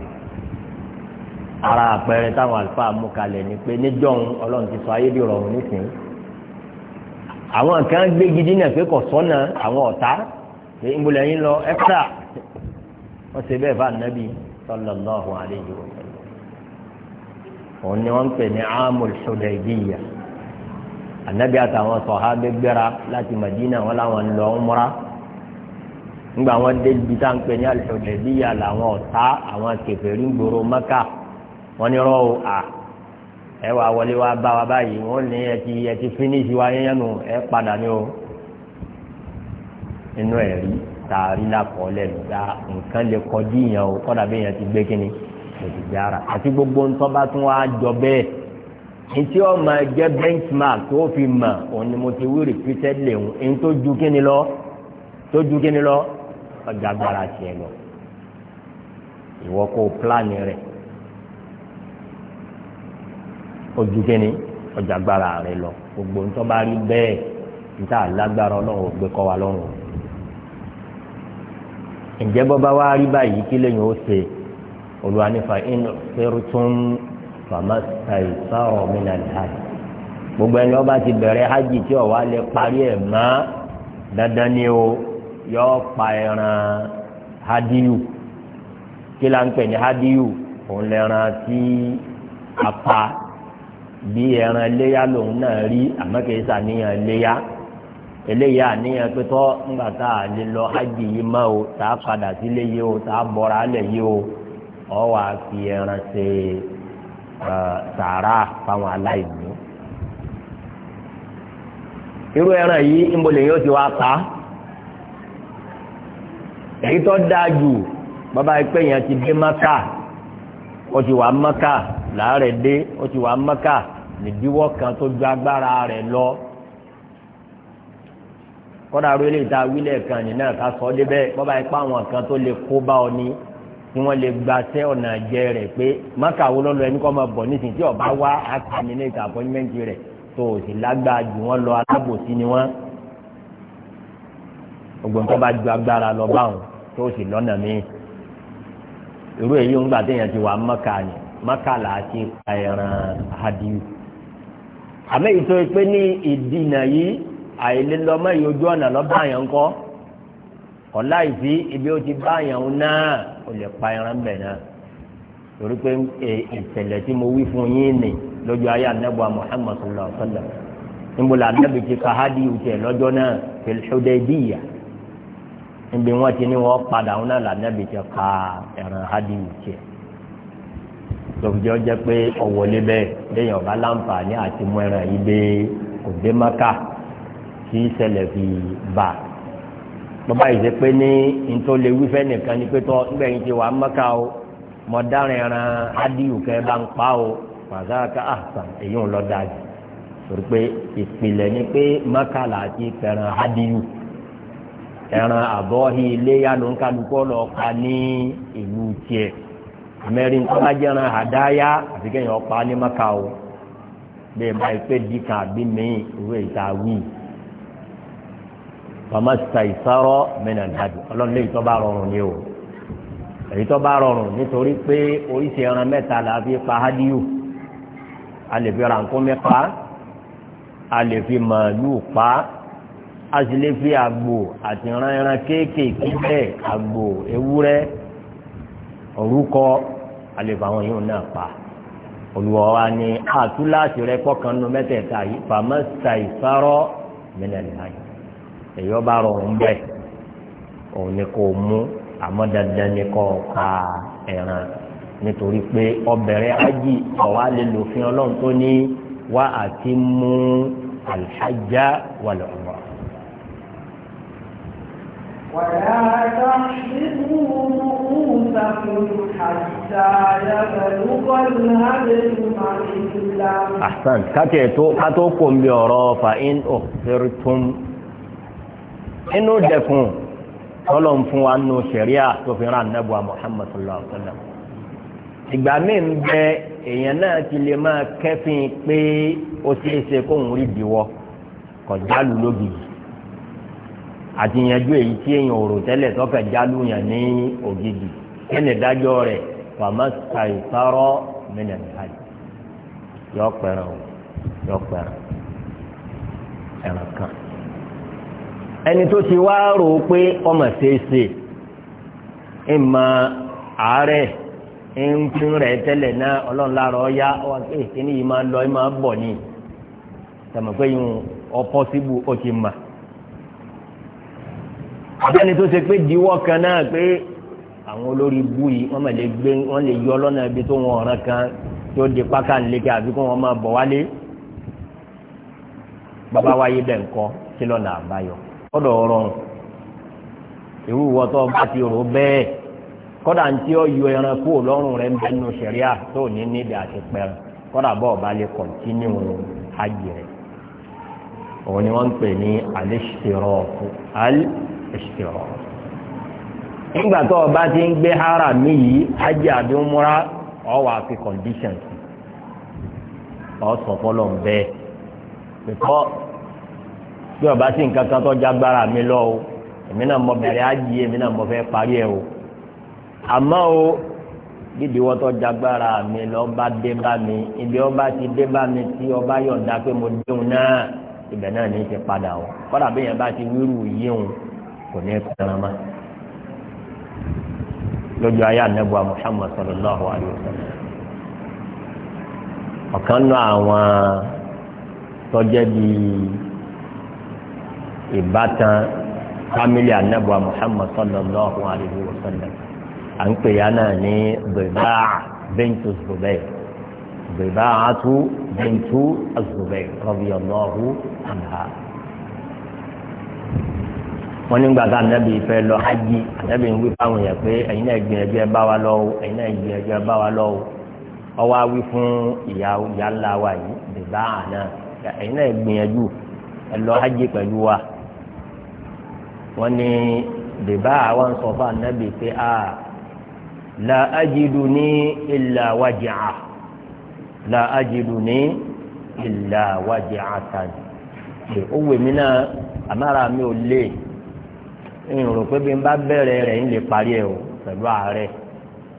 ara àpẹẹrẹ táwọn àlùfáà mú kalẹ̀ ni pé níjọ́ ọlọ́run ti sọ ayé dìrọ̀ ọ̀hún nísìnyí àwọn kan gbé gidi náà pé kò sọ́nà àwọn ọ̀tá pé ń bolẹ̀ yín lọ ẹ́kọ́tà wọ́n ṣe bẹ́ẹ̀ bá nàbí sallallahu alayhi wa sallam òun ni wọ́n ń pè ní amul Hudaybiyah ànábì àtàwọn sọ̀hábé gbéra láti Madina wọn làwọn lọ umra ngba wọn dé ibi tá à ń pè ní al-Hudaybiyah làwọn ọ̀tá àwọn kèfèrí ń gbòòrò Mẹ́kà wọn ni rọ́ọ̀ à ẹ wà wọlé wa bá wa báyìí wọn ní ẹ ti ẹ finish wa yẹn nù ẹ padà ní o inú ẹ rí tààrí làkọ lẹnu dá nǹkan lè kọjú yẹn o kọ́dà bí yẹn ti gbé kínní lè ti dára àti gbogbo ntọ́ tún wá jọ bẹ́ẹ̀ ntí ọ máa benchmark tó fi mà òun ni mo ti wí repeated lẹ́hùn ẹni tó ju kínní lọ tó ju kínní lọ ọjà gbára tiẹ̀ lọ ìwọ kò plan rẹ̀ ojú kínní ọjà agbára rẹ lọ gbogbo ń tọ́ba rí bẹ́ẹ̀ níta lágbára ọlọ́run ò gbé kọ́ wa lọ́rùn. ǹjẹ́ bọ́ba wa rí báyìí kí lẹ́yìn ó ṣe olùwà nífa in fẹ́rùtún fàmásàì sọ̀rọ̀ mi nà láì. gbogbo ẹni ọba ti bẹ̀rẹ̀ hajj tí ọ̀wá lè parí ẹ̀ mọ́ dandan ni o yọ pa ẹran hadiyu kí la ń pè ní hadiyu òun lẹ́ran tí a pa. bí ẹran léyà lòun náà rí àmọ́ kìí sàníyàn léyà eléyà pé tọ́ ńgbà tá a lè lọ ájì yìí mọ́ o tá a padà sílé o tá a bọ̀ra alẹ̀ yìí o ọ wà fi ẹran ṣe sàárà fáwọn aláìní. irú ẹran yìí ti wá pa èyí tó dáa jù bàbá ẹgbẹ́ yẹn ti dé mọ́kà ó ti wà mọ́kà. làárẹ̀ dé ó ti wà mẹ́kà nìdíwọ́ kan tó ju agbára rẹ̀ lọ kọ́dà rú eléyìí tá a wílẹ̀ kan nínú ẹ̀ka sọ ọ́ débẹ̀ bọ́ba ipá àwọn kan tó lè kó bá ọ ní tí wọ́n lè gbaṣẹ́ ọ̀nà jẹ rẹ̀ pé mẹ́kà wo lọ́lọ́ ẹni kọ́ máa bọ̀ nísìnyí tí ọba wá àkànní ní ìta àpọ́ńmẹ́ǹtì rẹ̀ tó o sì lágbára jù wọ́n lọ alábòsí ni wọ́n gbogbo nǹkan bá ju agbára lọ báwọn tó o sì lọ́nà míì irú èyí ń gbà téèyàn ti wà mọ́kà ni mọ́kàlá àti ẹran hadiyu àmì ìtò ìpè ní ìdìnà yìí àìlélọ́mọ́ yìí ojú ọ̀nà lọ́ bá yẹn kọ́ ọ̀la ìsí ibi ó ti bá yẹn náà ó lè pa ẹran bẹ̀ náà torí pé e, ìṣẹ̀lẹ̀ tí mo wí fún yín nì lójú ayé anábọ̀ Muhammad sallallahu alaihi wasallam níbo la anábì ti ka hadiyu tiẹ̀ lọ́jọ́ náà fil Hudaybiyah níbi wọ́n ti ní wọ́n padà wọn náà la anábì ti ka ẹran hadiyu tiẹ̀. tòkìjọ jẹ́ pé ọ̀wọ́lé bẹ́ẹ̀ lẹ́yìn ọ̀bá láǹfààní àti mọ́ẹ̀ràn yìí dé òde maka tí ṣẹlẹ̀ fi bà bàbá yìí ṣe pé ní ntòlè wífẹ́ nìkan ni pé tọ́ nígbà yìí ti wà maka o mọ dárin ẹran kẹ́ bá ń pa o àṣà ah, èyí ń lọ dájú torí pé ìpìlẹ̀ ni pé ẹran àbọ̀hí kálukọ́ lọ́ọ́ pa ní ìlú tiẹ̀. àmẹ́rin tó bá jẹ́ran àdáyá àti kẹ́yìn ọ̀pá ní maka o bẹ́ẹ̀ bá ìpè dìkan àbí mìíràn ìwé ìta wí fama ṣàìsọ́rọ́ mẹ́nà dájú ọlọ́run lè tọ́ bá rọrùn ni o èyí tó bá rọrùn nítorí pé oríṣi ẹran mẹ́ta là á fi pa hádìyù a lè fi rànkúnmí pa a lè fi màálù pa a sì lè fi àgbò àti ìran ẹran kéékèèké bẹ́ẹ̀ àgbò ewúrẹ́ orúkọ àlebà àwọn yìí náà pa olùwọ́ wa ní àtúláṣì rẹ pọ́kàn nínú mẹ́tẹ̀ẹ̀ta yìí fàmásà ìfárọ́ mẹ́lẹ̀lẹ̀ ayé èyí ọba rọrùn bẹ́ẹ̀ òun ni kò mú àmọ́ dandan ni kò pa ẹran nítorí pé ọbẹ̀rẹ̀ ájì ọ̀wá lè lòfin ọlọ́run tó ní wá àti mú alhajjá wal umra ولا تحسبوا رؤوسكم حتى يبلغ الهدي محله أحسنت كاتيتو كاتو كوم بيورو فإن أخفرتم inú dẹkùn tọ́lọ̀ ń fún wa nù sẹ̀ríà tó fi ràn nẹ́bùà Muhammad sallallahu alaihi wa sallam ìgbà míì ń bẹ èèyàn náà ti lè máa kẹ́fìn pé ó ṣeé ṣe kóun rí diwọ́ kọjá lù lógìyì àtìyànjú èyí tí èèyàn ò rò tẹ́lẹ̀ tọ́kẹ̀ jálù yàn ní ògidì kíni dájọ́ rẹ̀ fàmásà ìtọ́rọ́ mẹ́nẹ̀ẹ́dì yọ pẹ̀rẹ̀ o yọ pẹ̀rẹ̀ kan ẹni tó ti wá rò ó pé ọmọ ṣeéṣe ìmọ̀ àárẹ̀ ìnkún rẹ̀ tẹ́lẹ̀ náà ọlọ́run ọ̀yá yìí máa lọ yìí máa bọ̀ ni tẹ̀mọ̀ pé yìí ọ pọ́síbù ó àbẹ́ni tó ṣe pé diwọ́ kan náà pé àwọn olórí bú yìí wọ́n mọ̀ lè gbé wọ́n lè yọ lọ́nà ibi tó wọn ọ̀ràn kan tó di pákà lékè àbí kó wọn máa bọ̀ wálé bàbá wáyé bẹ́ẹ̀ ńkọ́ kí lọ́nà àbáyọ kọ́dọ̀ rọrùn irú wọ́tọ́ bá ti rò bẹ́ẹ̀ kọ́dà ń tí ó yọ ẹran kú lọ́rùn rẹ̀ ń bẹ nínú sẹ̀ríà tó ní níbi àti pẹ̀rẹ̀ kọ́dà bọ́ọ̀ bá lè kọ̀ntínú hajj rẹ̀ òun ni wọ́n ń pè ní alẹ́ ìṣirò nígbà tó o bá ti ń gbé harami yìí hajj àbí umra ọ wà fi conditions ọ sọ fọlọ ń bẹ pẹ̀kọ́ bí o bá sì ń kankan tó jágbára mi lọ o èmi náà mo bẹ̀rẹ̀ hajj èmi náà mo fẹ́ parí ẹ o àmọ́ o dídì wọ́tọ́ jagbára mi lọ́ba dé bá mi ibi ọba ti dé bá mi tí ọba yọ̀ǹda pé mo déun náà ibẹ̀ náà ní í ti padà o kọ́dà bí yẹn bá ti wíru yíhun kò ní ẹ̀kọ́ ma lójú ayé anabuwa muhammad sallallahu alayhi wa sallam ọ̀kan nù àwọn tọ́jẹ́ bíi ìbátan family anabuwa muhammad sallallahu alayhi wa sallam à ń pè ya náà ní Riba'a bintu Zubayr Riba'atu bintu Zubayr radiyallahu anha wọn nígbà tá ànábì fẹ́ lọ hajj ànábì ń wí fáwọn yẹn pé ẹ̀yin náà gbìyànjú ẹ bá wa lọ o ẹ̀yin náà gbìyànjú ẹ bá wa lọ o ọwọ́ awí fún ìyá ìyá ńlá wa yìí bèbá àná ẹ̀yin náà gbìyànjú ẹ lọ hajj pẹ̀lú wa wọn ní bèbá àwa ń sọ fún ànábì pé a la ajidu ní ilà wájà la ajidu ní ilà wájà tani owó mi náà àmàrà mi ò lé ń rò pé bí n bá bẹ̀rẹ̀ rẹ̀ ń lè parí ẹ̀ o pẹ̀lú ààrẹ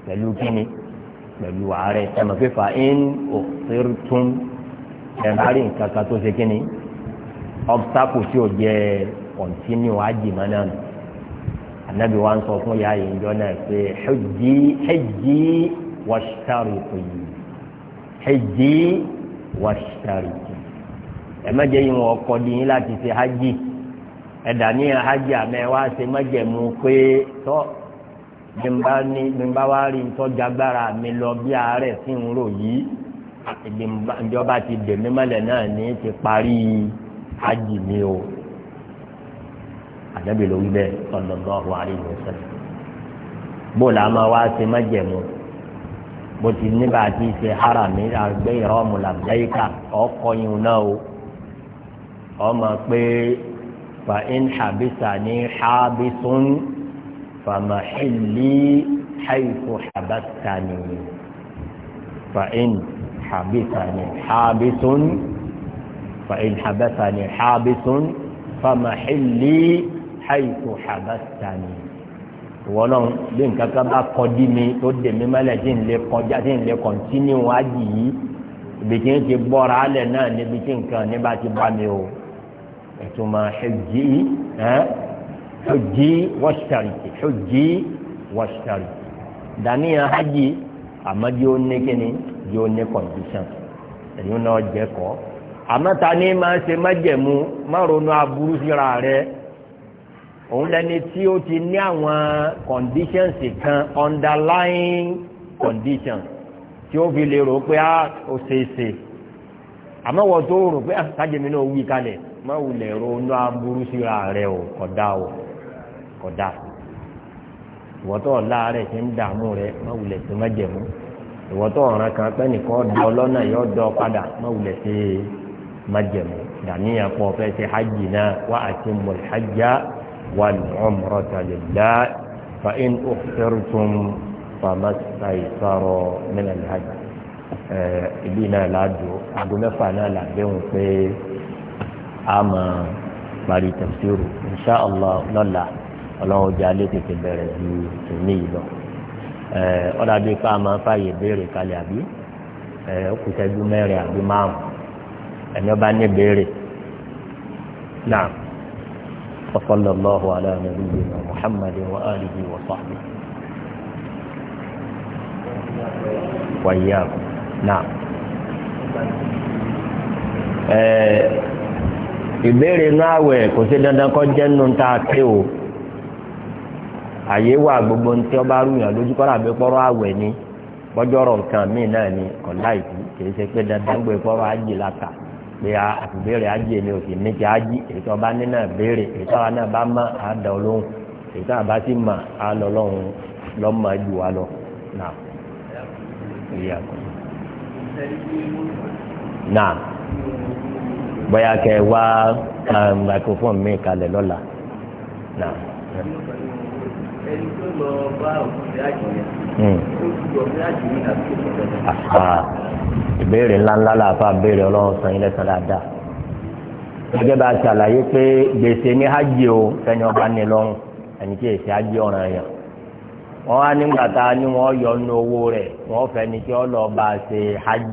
pẹ̀lú kíni pẹ̀lú ààrẹ ẹ̀mọ̀ fífa ń òfin tún ẹ̀rárí nǹkan kan tó ṣe kíni obstacle tí ò jẹ́ continue àjìmọ́ náà nù anabi wa ń sọ fún yàrá yìí jọ náà pé hajji hajji wàṣítàrìkì hajji wàṣítàrìkì ẹ̀ má jẹ́ yìí wọ́n kọ́ di yín láti ṣe hajji. ẹ̀dà ní hajj àmẹ́wá ṣe mọ́jẹ̀mú pé tọ́ gbẹ̀mbá wá rí ntọ́jàgbára mi lọ bí àárẹ̀ sí ń rò yìí ìjọba ti dè mí mọ́lẹ̀ náà ní ti parí hajj mi o ànábì ló wí bẹ́ẹ̀ sallallahu alaihi wasallam bóòlù àmọ́ wá ṣe mọ́jẹ̀mú bó ti níbà tí ṣe harami àgbẹ̀ ìrọ́mù làbẹ́yìká ọkọ̀ yìí náà o ọmọ pé. فإن حبسني حابس فمحلي حيث حبستني فإن حبسني حابس فإن حبسني حابس فمحلي حيث حبستني wọlọ́n bí nǹkan kan bá kọjú mi tó dè mí mọ́lẹ̀ tí ń lè kọjá tí ń lè kọ́ntínú wájú yìí ibi tí ń ti bọ́ra alẹ̀ náà níbi tí nǹkan ní bá ti bá mi o ìtumọ̀ hujji hujji washtariki hujji washtariki dàníyàn hajj àmọ́ yóò ní kíni yóò ní condition èyí náà jẹ́ kọ́ àmọ́ ta ni máa ṣe májẹ̀mú má ronú aburú síra rẹ̀ òun lẹni tí ó ti ní àwọn conditions kan underlying conditions tí ó fi lè rò pé a ah, ó ṣe é ṣe àmọ́ wọ́n tó rò pé àtàjẹmí ah, náà wí kalẹ̀ má wulẹ̀ ronú aburú síra rẹ o kódà o kódà ìwọ́tọ̀ láàárẹ̀ ti ń dààmú rẹ má wulẹ̀ sí májẹ̀mú ìwọ́tọ̀ ọ̀ràn kan pẹ́ nìkan dọ́ lọ́nà yóò dọ́ padà má wulẹ̀ sí májẹ̀mú dàníyàn pọ̀ fẹ́ ṣe hajj náà wá àti mọ̀lẹ́hajjá والعمرة لله فإن أخفرتم فما استيسر من الهدى إلينا لا جو aago mẹ́fà náà làdéhùn pé a máa parí tafsiru insha allah lọ́la ọlọ́run ọjà lè tètè bẹ̀rẹ̀ ju tòní yìí lọ ọ̀dà bíi pé a máa fààyè béèrè kalẹ̀ àbí ọkùnṣẹ́jú mẹ́rin àbí márùn-ún ẹni ọba ní béèrè náà. وصلى الله على نبينا محمد وآله وصحبه وإياكم نعم ìbéèrè inú àwẹ̀ kò sí dandan kọ́ jẹ́ nínú tá pé o àyè wà gbogbo ní tí ọba rúyàn lójú kọ́ làbẹ́ pọ́rọ́ àwẹ̀ ni bọ́jọ́rọ̀ nǹkan míì náà ni pé dandan gbé pọ́rọ́ ájì láta pé àtìbéèrè ájì ni òsì ní ti èyí tó bá ní náà béèrè èyí tó náà bá èyí tó bá sì àlọ́ lọ́mọ ju wa náà bóyá kẹ wá um, microphone mi kalẹ̀ lọ́la náà. ẹni tó lọ bá òkúta àjùmọ̀ hmm. tó ti òkúta àjùmọ̀ àti òkúta. ìbéèrè ńláńlá làáfà béèrè ọlọ́run sàn yín lẹ́sàn dáadáa gẹ́gẹ́ bá a ṣàlàyé pé gbèsè ní hajj o ẹni ọba ní lọ́rùn ẹni tí èsì hajj ọ̀ràn wọ́n wá nígbà tá a ní wọ́n yọ owó rẹ̀ wọ́n fẹ́ ni tí ó lọ bá a ṣe hajj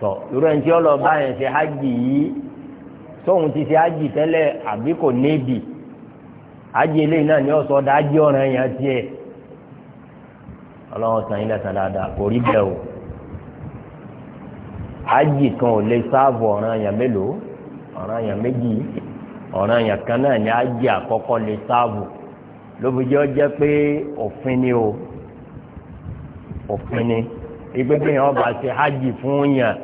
tọ̀ irú ẹni tí lọ bá yẹn ṣe hajj yìí sóhun ti ṣe hajj tẹ́lẹ̀ àbí kò níbi hajj eléyìí náà ni yẹn sàn sàn o hajj kan ò lè sáàbù ọ̀ràn yẹn mélòó ọ̀ràn yẹn méjì ọ̀ràn yẹn kan náà ni hajj lóbìjọ́ jẹ́ pé òfin ni o òfin ni ìgbé bí yẹn ọba ṣe hajj fún yàn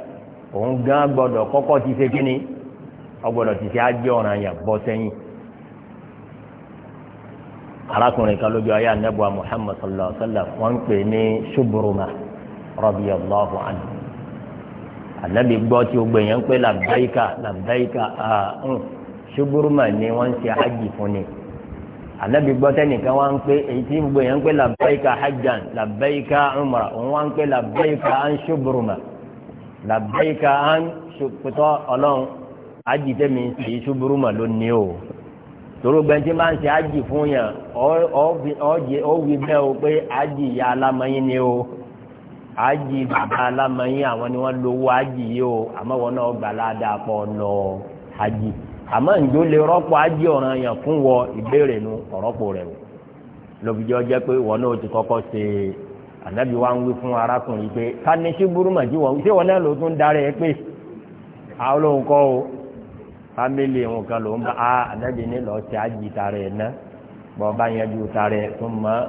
òun gan gbọ́dọ̀ kọ́kọ́ ti ṣe kíni ọgbọ́dọ̀ ti ṣe hajj ọ̀ràn yàn bọ́ sẹ́yìn arákùnrin kan lójú ayé anábùa muhammad sallallahu alaihi wa sallam wọ́n ń pè ní ṣuburuma radiyallahu anhu anabi gbọ́ tí o gbẹ yẹn ń pè labbaika labbaika ṣuburuma ah, mm. ni wọ́n ń ṣe hajj fún ni anabi gbọ́tẹ́ nìkan wá ń pé èyí tí gbogbo yẹn ń pé labbaika hajjan labbaika umra òun wá ń pé labbaika an ṣuburuma labbaika an ṣuputọ ọlọ́run ájì tẹ́mi sí ṣuburuma lónìí o toro gbẹ̀ntì máa ń ṣe ájì fún yẹn ọ wí bẹ́ẹ̀ o pé ájì ya alámọ̀yìn ni o ájì bàbá alámọ̀yìn àwọn ni wọ́n lówó ájì yìí o àmọ́ wọn náà gbà ládàá pọ̀ lọ ájì. No, àmọ́ ǹjọ́ lè rọ́pò ájí ọ̀ràn yẹn fún wọ ìbéèrè nu ọ̀rọ́pò rẹ̀ o lóbìjọ́ jẹ́ pé wọn náà ti kọ́kọ́ ṣe ànábì wa ń wí fún arákùnrin pé ká ní sí burúmọ̀ tí wọ́n ṣé wọn náà ló tún darí ẹ pé àwọn lòun kọ́ o fámìlì òun kan lòun bá a ànábì ní lọ́ọ́ ṣe ájí tara ẹ̀ ná bọ́ bá yẹn ju tara ẹ̀ tó mọ̀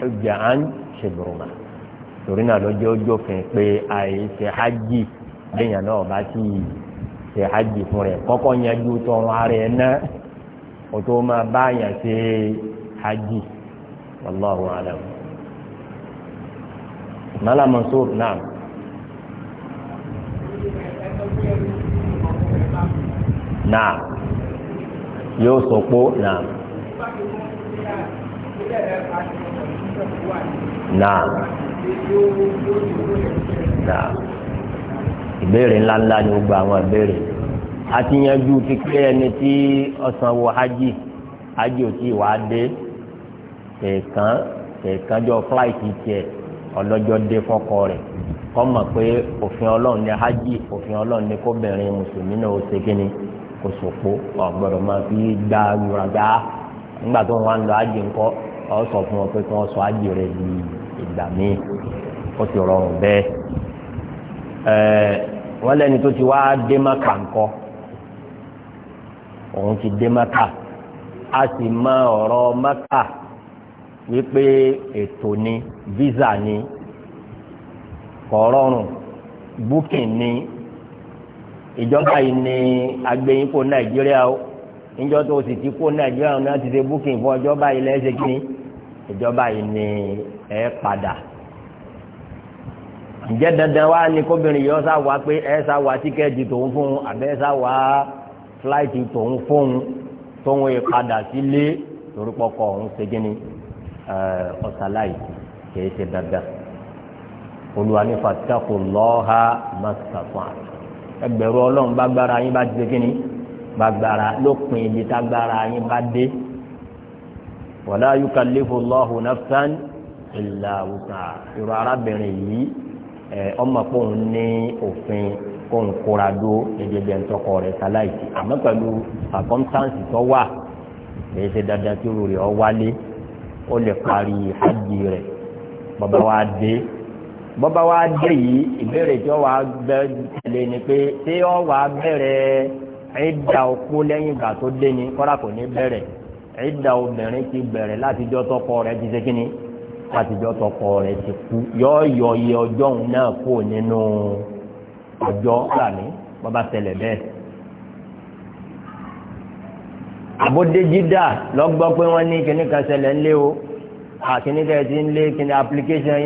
ṣùjà á ń ṣe burúmọ̀ torí náà lọ́jọ́ ojófin pé àìṣe ájí lẹ́yìn náà bá ti yìí ṣe hajj fún rẹ̀ kọ́kọ́ yanjú tọrọ ara ẹ̀ ná o tó máa bá yàn ṣe hajj wallahu alam. mala mansour náà. náà yóò sọpọ̀ náà. náà. náà. ìbéèrè ńláńlá ni ó gba àwọn ìbéèrè a ti yanjú kíkẹ́ ẹni tí ọ̀sán wo hajj hajj ò tí wàá dé jọ fúláìtì tiẹ̀ dé fọ́kọ rẹ̀ kọ́ pé òfin ọlọ́run ní hajj òfin ọlọ́run ní kóbìnrin mùsùlùmí náà ó ṣe kíni kò sòpó máa fi ah, nígbà tó wọn lọ ọ sọ fún sọ hajj di ìgbà míì ó ti rọrùn wọ́n lẹ́ni tó ti wá dé maka ńkọ́ òun ti dé a sì mọ ọ̀rọ̀ maka wípé ètò ni visa ni kọ̀ọ̀rọ̀rùn booking ni ìjọba yìí ni agbẹ̀yìn kó nàìjíríà o níjọ́ tó o sì ti kó nàìjíríà náà ti ṣe booking fún ọjọ́ báyìí lẹ́sẹ̀ kí ni ìjọba yìí ni ẹ padà. E ǹjẹ́ dandan wá ní kóbìnrin yìí ọ̀sà wá pé ẹ̀ sá wá tíkẹ́ẹ̀tì tòun fún un àbẹ́ sá wá fúláìtì tòun fóun tóun ìpadà sílé torúpọkọ ọ̀hún ṣégeni ọ̀sàláìtì kìí ṣe dandan olùwà ní fàtàkù lọ́ha mọ́sàkùn ẹgbẹ̀rún ọlọ́run bá gbára yín bá ti ṣe kíni bá gbára lópin ibi tá gbára yín bá dé wàlá yukallifu Allahu nafsan illa wusa irú arábìnrin yìí. ọmọ pòun ní òfin kóun kóra dó gẹ́gẹ́ la ẹnitọkọ rẹ̀ àmọ́ pẹ̀lú circumstance tó wà èyí ṣe dandan tí ọ wálé ó lè parí hajj rẹ̀ bàbá wa dé wa dé yìí ìbéèrè tí ó wà bẹ̀rẹ̀ ni pé ṣé ó wà bẹ̀rẹ̀ ẹ̀dà lẹ́yìn ìgbà tó dé ni kọ́ra kò ní bẹ̀rẹ̀ ẹ̀dà obìnrin látijọ́ tọkọ rẹ̀ ti kú yọ yọ iye ọjọ́ òun náà kó nínú ọjọ́ lànà bàbá ṣẹlẹ̀ bẹ́ẹ̀. àbódéjídà lọ́gbọ́ pé wọ́n ní kíní kan ṣẹlẹ̀ ńlé o àkíní kan ti ń lé kíní application yìí